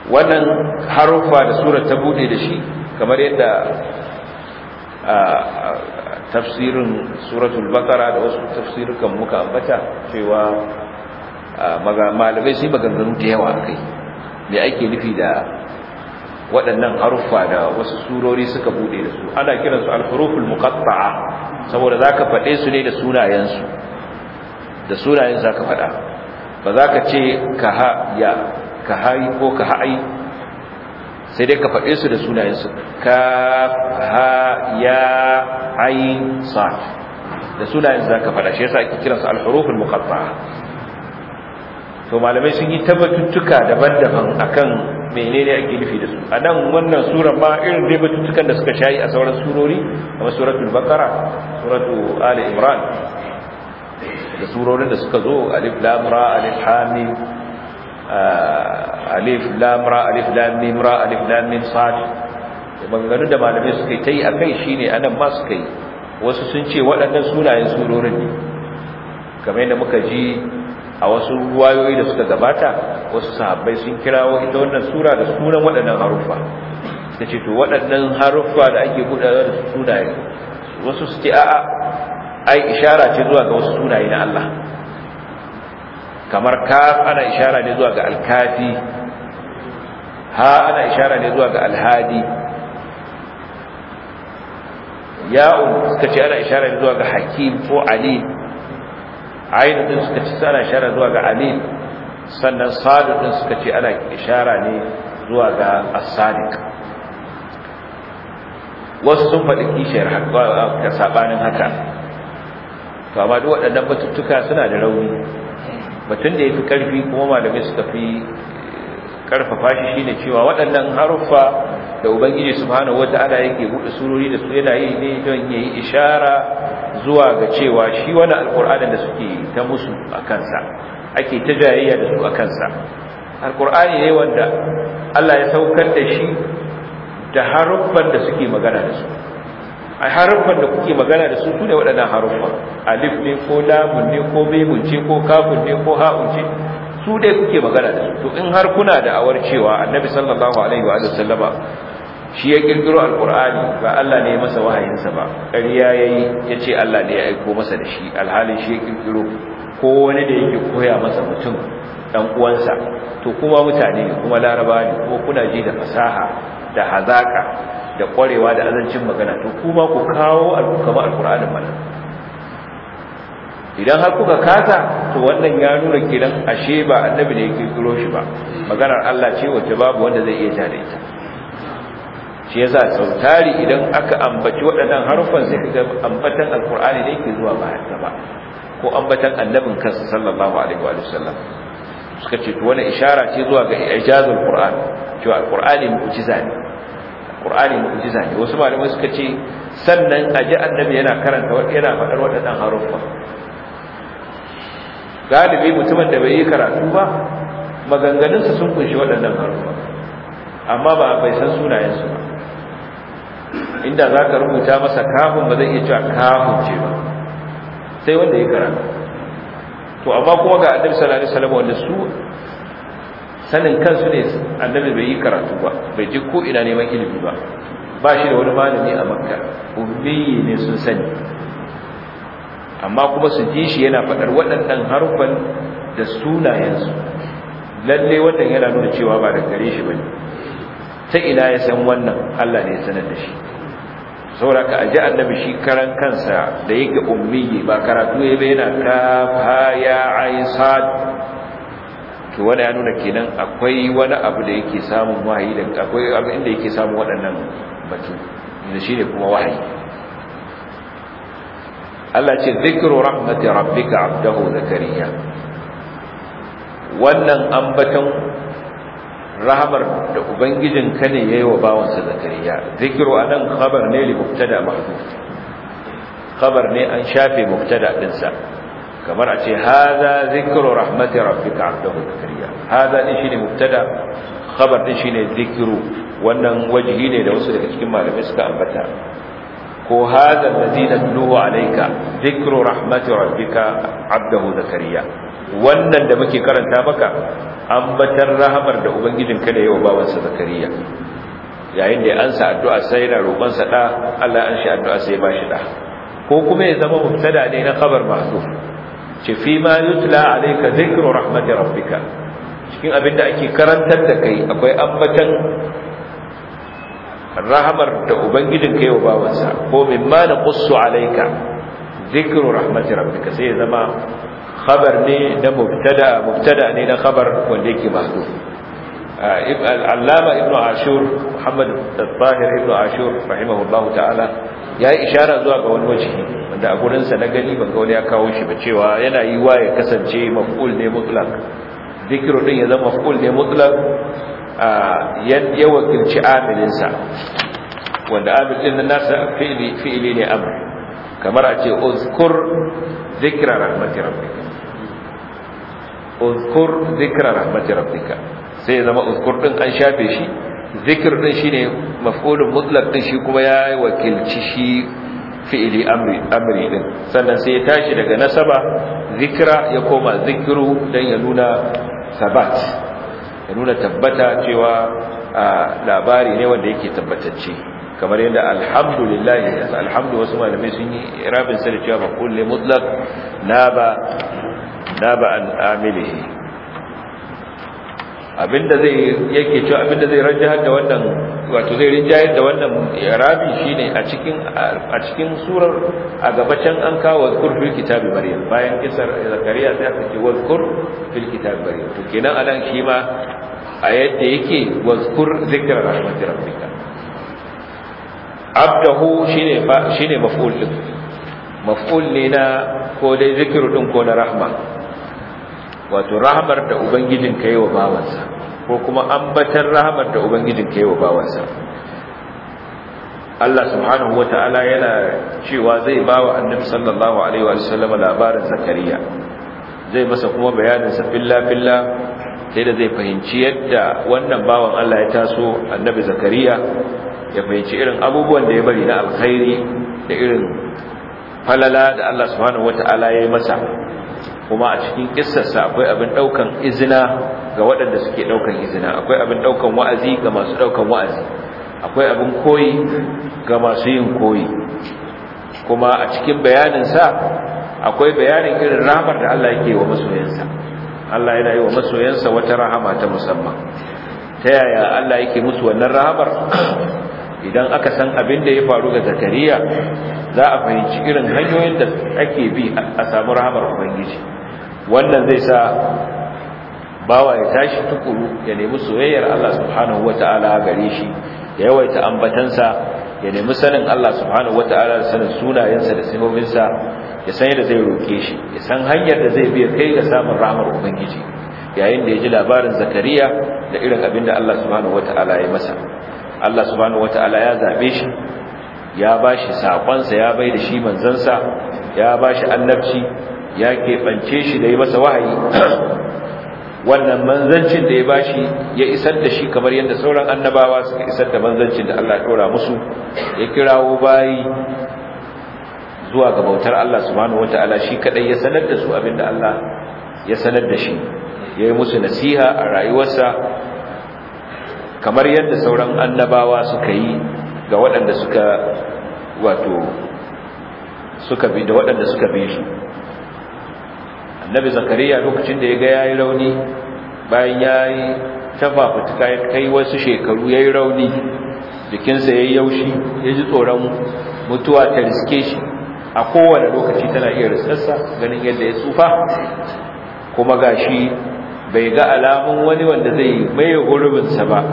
wannan harufa da sura ta bude da shi kamar yadda tafsirin suratul bakara da wasu tafsirukan muka ambata cewa malamai sai maganganu da yawa kai me ake nufi da waɗannan haruffa da wasu surori suka bude da su ana kiransu al-huruful muqatta'a saboda zaka faɗe su ne da sunayen su da sunayen zaka faɗa ba za ka ce kaha ya kahai ko kahai sai dai ka faɗe su da sunayensu ka ha ya ayin sa da sunayensu za ka faɗa shi yasa ake kiransu alhurufin muqatta'a to malamai sun yi tabbatuttuka daban-daban akan menene ake nufi da su a nan wannan sura ba irin dai batuttukan da suka shayi a sauran surori kamar suratul baqara suratu ali imran da surorin da suka zo alif lam ra alif hamim alif lam ra alif lam mim ra alif lam mim sad bangare da malamai suke tai akai shine anan ma suke wasu sun ce wadannan sunayen surorin ne kamar yadda muka ji a wasu ruwayoyi da suka gabata wasu sahabbai sun kirawo ita wannan sura da sunan wadannan harufa suka ce to wadannan harufa da ake gudanar da sunaye wasu suke ce a'a ai isharar ce zuwa ga wasu sunaye na Allah kamar kaf ana ishara ne zuwa ga alkafi ha ana ishara ne zuwa ga alhadi ya'u suka ce ana ishara ne zuwa ga hakim ko alim ainu din suka ce ana ishara zuwa ga alim sannan sadu din suka ce ana ishara ne zuwa ga as-sadiq wasu sun faɗi kishiyar haka sabanin haka to amma duk waɗannan batuttuka suna da rauni batun da ya fi ƙarfi kuma malamai suka fi ƙarfafa shi shi ne cewa waɗannan haruffa da ubangiji wata ana yake buɗe surori da su yana yi ne don ya yi ishara zuwa ga cewa shi wani alƙur'anin da suke ta musu a kansa ake ta jayayya da su a kansa alƙur'ani ne wanda allah ya saukar da shi da haruffan da suke magana da su a haruffan da kuke magana da su ne waɗannan haruffa alif ne ko lamun ne ko memun ce ko kafun ne ko ha'un ce su dai kuke magana da su to in har kuna da awar cewa annabi sallallahu alaihi wa sallama shi ya kirkiro alqur'ani ba Allah ne ya masa wahayinsa ba ƙarya yayi yace Allah ne ya aiko masa da shi alhalin shi ya kirkiro ko wani da yake koya masa mutum dan uwansa to kuma mutane kuma Larabani, ko kuna ji da fasaha da hazaka da kwarewa da azancin magana to kuma ku kawo alkama al'ƙur'ani mana idan har kuka kasa to wannan ya nuna kiran ashe ba annabi ne yake turo shi ba maganar Allah ce wacce babu wanda zai iya tare ita shi yasa sautari idan aka ambaci waɗannan harufan sai kaga ambatan alƙur'ani ne yake zuwa bayan ba ko ambatan annabin kansa sallallahu alaihi wa sallam suka ce to wannan ishara ce zuwa ga ijazul qur'an cewa alqur'ani mu'jiza ne qur'ani mu'jiza ne wasu malamai suka ce sannan aje annabi yana karanta yana faɗar waɗannan haruffa galibi mutumin da bai yi karatu ba sa sun kunshi waɗannan haruffa amma ba bai san sunayensu ba inda za ka rubuta masa kafin ba zai iya cewa kafin ce ba sai wanda ya karanta. to amma kuma ga annabi sallallahu alaihi wasallam wanda su sanin kansu ne annabi bai yi karatu ba bai ji ko ina neman ilimi ba ba shi da wani malami a makka ummiyi ne sun sani amma kuma su ji shi yana faɗar waɗannan harufan da sunayensu lalle wannan yana nuna cewa ba da gare shi bane ta ina ya san wannan Allah ne ya sanar da shi saboda ka aji annabi shi karan kansa da yake ummiyi ba karatu ya yana kafa ya aisad to wanda ya nuna kenan akwai wani abu da yake samun wahayi da akwai abu inda yake samun waɗannan batu da shine kuma wahayi Allah ce zikru rahmati rabbika abdahu zakariya wannan ambaton rahamar da ubangijin ka ne yayi wa bawansa zakariya zikru anan khabar ne li mubtada mahdhuf khabar ne an shafe mubtada dinsa kamar a ce haza zikru rahmati rabbika abdahu zakariya haza din shine mubtada khabar din shine zikru wannan wajihi ne da wasu daga cikin malamai suka ambata ko haza allazi natluhu alayka zikru rahmati rabbika abdahu zakariya wannan da muke karanta maka ambatar rahamar da ka da yawa sa zakariya yayin da ya ansa addu'a sai na roƙon sa da Allah an shi addu'a sai ba shi da ko kuma ya zama mubtada ne na khabar mahdhuf ce fi ma yutla alayka dhikru rahmati rabbika cikin abinda ake karantar da kai akwai ambatan rahamar da ubangijin kai wa bawansa ko mimma naqussu alayka dhikru rahmati rabbika sai zama khabar ne na mubtada mubtada ne na khabar wanda yake mahdhuf al-allama ibnu ashur muhammad al-tahir ibnu ashur rahimahullahu ta'ala ya yi ishara zuwa ga wani waje wanda a gurinsa na gani ban ga wani ya kawo shi ba cewa yana yi wa ya kasance maf'ul ne mutlak zikiru din ya zama maf'ul ne mutlak ya wakilci sa wanda amilin na nasa fi'li ne amr kamar a ce uzkur zikra rahmatir rabbika uzkur zikra rahmatir rabbika sai ya zama uzkur din an shafe shi zikir din shine maf'ulun mutlaq din shi kuma ya wakilci shi fi'ili amri amri din sannan sai ya tashi daga nasaba zikra ya koma zikru dan ya nuna sabat ya nuna tabbata cewa labari ne wanda yake tabbatacce kamar yadda alhamdulillah alhamdu wasu malamai sun yi rabin sa da cewa maf'ul mutlaq naba naba an amilihi abinda zai yake cewa abinda zai rajjahar da wannan wato zai rinjayar da wannan rabi shine a cikin a cikin surar a gabacin an kawo zkur fil kitab maryam bayan kisar zakariya sai aka ce wazkur fil kitab maryam to kenan anan shi ma a yadda yake wazkur zikr rahmatir rabbika abdahu shine shine maf'ul din maf'ul ne na ko dai zikru din ko na rahma wato rahamar da ubangijin ka yi wa bawansa ko kuma ambatar rahamar da ubangijin ka yi wa bawansa Allah subhanahu wata'ala yana cewa zai ba wa annabi sallallahu alaihi wa sallam labarin zakariya zai masa kuma bayanin sa filla filla sai da zai fahimci yadda wannan bawan Allah ya taso annabi zakariya ya fahimci irin abubuwan da ya bari na alkhairi da irin falala da Allah subhanahu wata'ala ya yi masa kuma a cikin kissarsa akwai abin daukan izina ga waɗanda suke daukan izina akwai abin daukan wa'azi ga masu daukan wa'azi akwai abin koyi ga masu yin koyi kuma a cikin bayaninsa akwai bayanin irin rahamar da Allah yake wa masoyansa Allah yana yi wa masoyansa wata rahama ta musamman ta yaya Allah yake musu wannan rahamar idan aka san abin da ya faru ga zakariya za a fahimci irin hanyoyin da ake bi a samu rahamar ubangiji wannan zai sa bawa ya tashi tukuru ya nemi soyayyar Allah subhanahu wataala gare shi ya yawaita ambatansa ya nemi sanin Allah subhanahu wataala da sanin sunayensa da sifofinsa ya san yadda zai roke shi ya san hanyar da zai biya kai ga samun rahmar ubangiji yayin da ya ji labarin zakariya da irin abin da Allah subhanahu wataala ya masa Allah subhanahu wataala ya zabe shi ya bashi sakonsa ya bai da shi manzansa ya bashi annabci ya keɓance shi da ya masa wahayi wannan manzancin da ya bashi ya isar da shi kamar yadda sauran annabawa suka isar da manzancin da Allah ya ɗora musu ya kirawo bayi zuwa ga bautar Allah subhanahu wataala shi kadai ya sanar da su abinda Allah ya sanar da shi ya yi musu nasiha a rayuwarsa kamar yadda sauran annabawa suka yi ga waɗanda suka wato suka bi da waɗanda suka bi shi annabi zakariya lokacin da ya ga yayi rauni bayan yayi tafa fituka kai wasu shekaru yayi rauni jikinsa yayi yaushi ya ji tsoron mutuwa ta riske shi a kowane lokaci tana iya riskarsa ganin yadda ya tsufa kuma gashi bai ga alamun wani wanda zai maye sa ba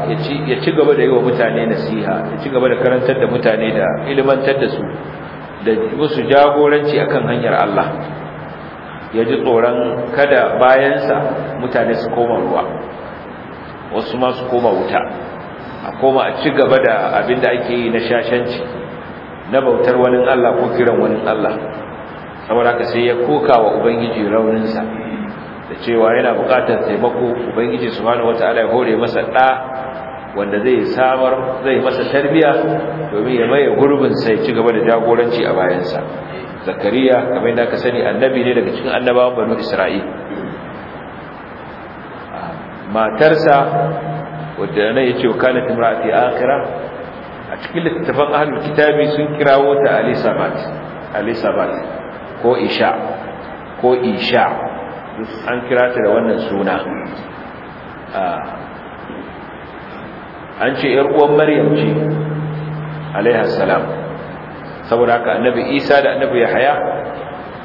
ya ci gaba da yi wa mutane nasiha ya ci gaba da karantar da mutane da ilimantar da su da wasu jagoranci akan hanyar Allah ya ji tsoron kada bayansa mutane su koma ruwa wasu ma su koma wuta a koma a ci gaba da abin da ake yi na shashanci na bautar wani Allah ko kiran wani Allah saboda haka sai ya koka wa ubangiji rauninsa da cewa yana bukatar taimako ubangiji su hana wata ala ya hore masa ɗa wanda zai samar zai masa tarbiya domin ya maye gurbin sai ci gaba da jagoranci a bayansa zakariya kamar yadda aka sani annabi ne daga cikin annabawan banu isra'il matarsa wadda nan ya ce wakana timrati akira a cikin littattafan ahalul kitabi sun kirawo ta alisabat alisabat ko isha ko isha an kira ta da wannan suna an ce ‘yar uwan maryam ce alaihassalam’ saboda haka annabi isa da annabi yahaya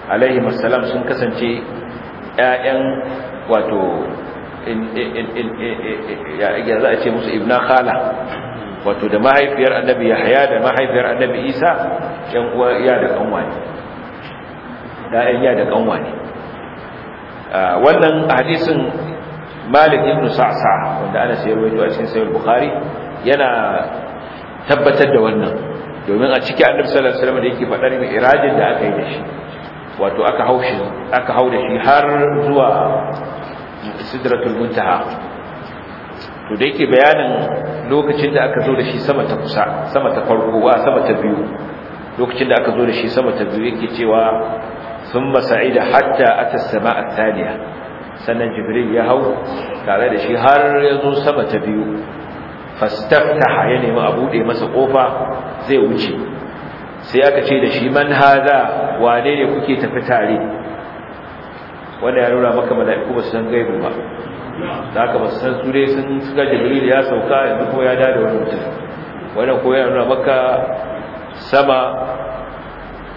alaihi masalam sun kasance ya'yan wato ya za a ce musu ibna khala wato da mahaifiyar annabi yahaya da mahaifiyar annabi isa 'yan uwa ya da kanwa ne ƴaƴan ya da kanwa ne wannan hadisin malik ibn sa'sa wanda ana sayarwa a cikin sayar bukhari yana tabbatar da wannan domin a ciki annabi sallallahu alaihi wasallam da yake faɗar mi'rajin da aka yi da shi wato aka hau aka hau da shi har zuwa sidratul muntaha to da yake bayanin lokacin da aka zo da shi sama ta kusa sama ta farko wa sama ta biyu lokacin da aka zo da shi sama ta biyu yake cewa thumma sa'ida hatta ata as-sama'a ath-thaniya sannan jibril ya hau tare da shi har ya zo sama ta biyu fastaftaha ya nemi a bude masa ƙofa zai wuce sai aka ce da shi man haza wane ne kuke tafi tare wanda ya nuna maka mala'iku ba su san gaibu ba da aka ba su san su dai sun suka jibril ya sauka yanzu ko ya dada wani mutum wannan ko ya nuna maka sama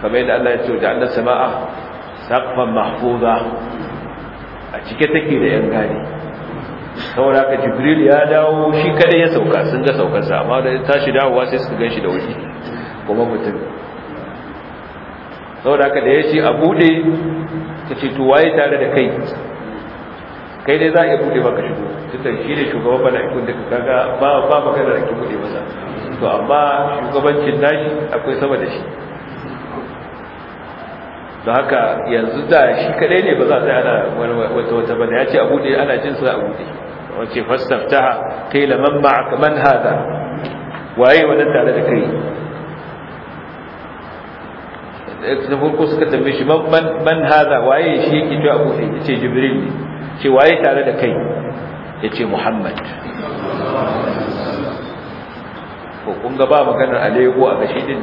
kamar yadda Allah ya ce da Allah sama'a saqfan mahfuza a cike take da yan gani saboda haka jibril ya dawo shi kadai ya sauka sun ga saukarsa amma da tashi dawowa sai suka ganshi da wuri kuma mutum saboda haka da ya ce a bude ta ce to waye tare da kai kai dai za a iya bude maka shigo tutar shi ne shugaban bala'ikun da ka kaga ba ba magana da ke bude masa to amma shugabancin nashi akwai sama da shi da haka yanzu da shi kadai ne ba za ta ana wata wata ba da ya ce a bude ana jin sa a bude wace fastaftaha qila man ma'aka man hada waye wannan tare da kai da farko suka tambaye shi man hada waye shi yake cewa abu sai yace jibril ne ce waye tare da kai yace muhammad ko kun ga ba maganar alego a gashi din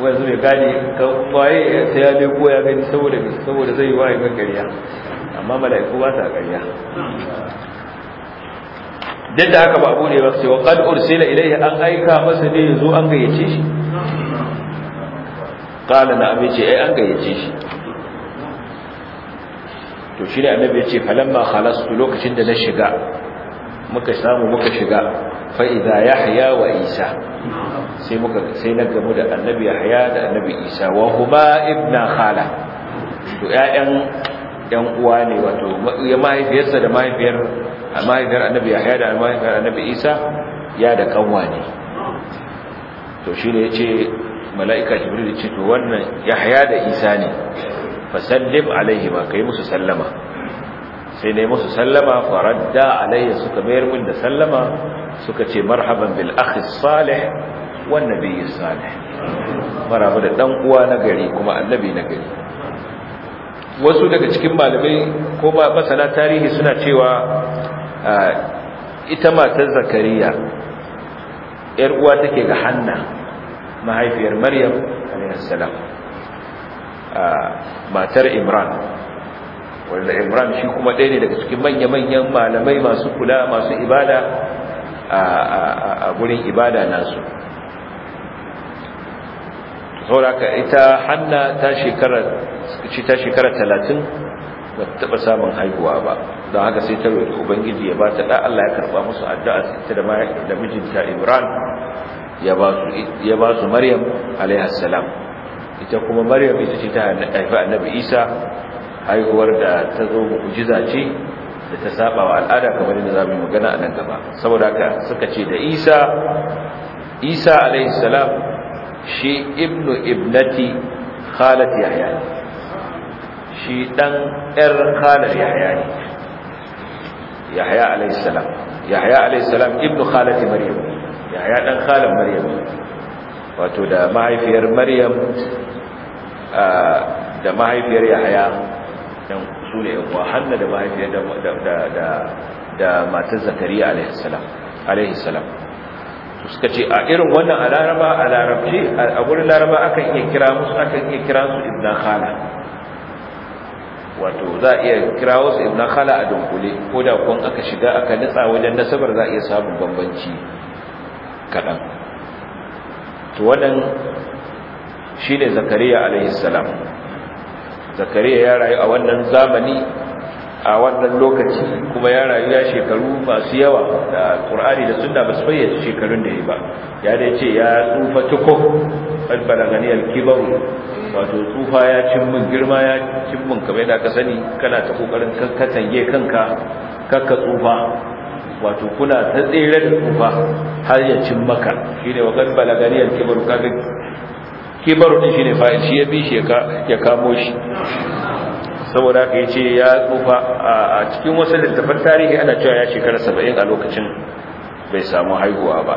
wanzu ya gane waye ta ya lego ya gani saboda saboda zai waye magariya amma mala'iku ba sa ƙarya duk da aka ba a ne ba sai wa qad ursila ilayhi an aika masa ne yazo an gayyace shi qala na abi ai an gayyace shi to shi ne annabi ya ce falamma su lokacin da na shiga muka samu muka shiga Fa'iza ya yahya wa isa sai na gamu da annabi haya da annabi isa wa huma ibna khala to yayan Ɗan uwa ne wato mahaifiyarsa da mahaifiyar mahaifiyar annabi yahya da mahaifiyar annabi isa ya da kanwa ne to shi ne ya ce mala'ika jibril ce to wannan yahya da isa ne fasallim alaihi ma kai musu sallama sai ne musu sallama faradda alaihi suka mayar min da sallama suka ce marhaban bil akhi salih wan nabiy salih maraba da dan uwa na gari kuma annabi na gari wasu daga cikin malamai ko ba masana tarihi suna cewa ita matar zakariya yar uwa take ga hanna mahaifiyar maryam salam matar imran wanda imran shi kuma ɗaya ne daga cikin manya-manyan malamai masu kula masu ibada a gurin ibada nasu sauraka ita hanna ta shekara ci ta shekara 30 ba ta taba samun haihuwa ba don haka sai ta roƙi ubangiji ya ba ta da Allah ya karba musu addu'a ta da da mijinta Ibrahim ya ba su ya ba su Maryam alaiha salam ita kuma Maryam ita ce ta haifa Annabi Isa haihuwar da ta zo mu'jiza ce da ta saba wa al'ada kamar yadda zamu magana a nan gaba saboda haka suka ce da Isa Isa alaihi salam shi ibnu ibnati khalat yahya shi dan yar khalar yahya ne yahya alayhi salam yahya alayhi salam ibnu khalat maryam yahya dan khalar maryam wato da mahaifiyar maryam da mahaifiyar yahya dan su ne uwa hanna da mahaifiyar da da da matar zakariya alayhi salam alayhi salam suka ce a irin wannan a laraba a larabci a gurin laraba akan iya kira musu akan iya kira su ibna khala wato za a iya kira wasu ibna khala a dunkule ko da kun aka shiga aka nitsa wajen nasabar za a iya samun bambanci kaɗan to wannan shi ne zakariya salam zakariya ya rayu a wannan zamani a wannan lokaci kuma ya rayu ya shekaru masu yawa da qur'ani da sunna ba su fayyace shekarun da ya ba ya dai ce ya tsufa tuko qad gani alkibaru wato tsufa ya cin min girma ya cin min kamar yadda ka sani kana ta kokarin kankatange kanka kakka tsufa wato kuna ta tsere da tsufa har ya cin maka shine wa qad gani alkibaru kibar kibaru kibar shi shine fa'il shi ya bi shi ya kamo shi saboda haka yi ce ya tsufa a cikin wasu littafan tarihi ana cewa ya shekara saba'in a lokacin bai samu haihuwa ba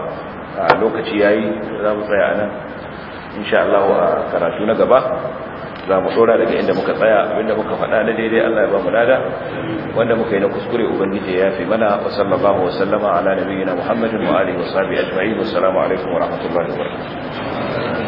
a lokaci ya yi za mu tsaya a nan insha Allah a karatu na gaba za mu tsora daga inda muka tsaya abinda muka faɗa na daidai Allah ya ba mu lada wanda muka yi na kuskure ubangiji ya fi mana wa sallallahu wa sallama ala nabiyyina muhammadin wa alihi wa sahbihi ajma'in assalamu alaikum wa rahmatullahi wa barakatuh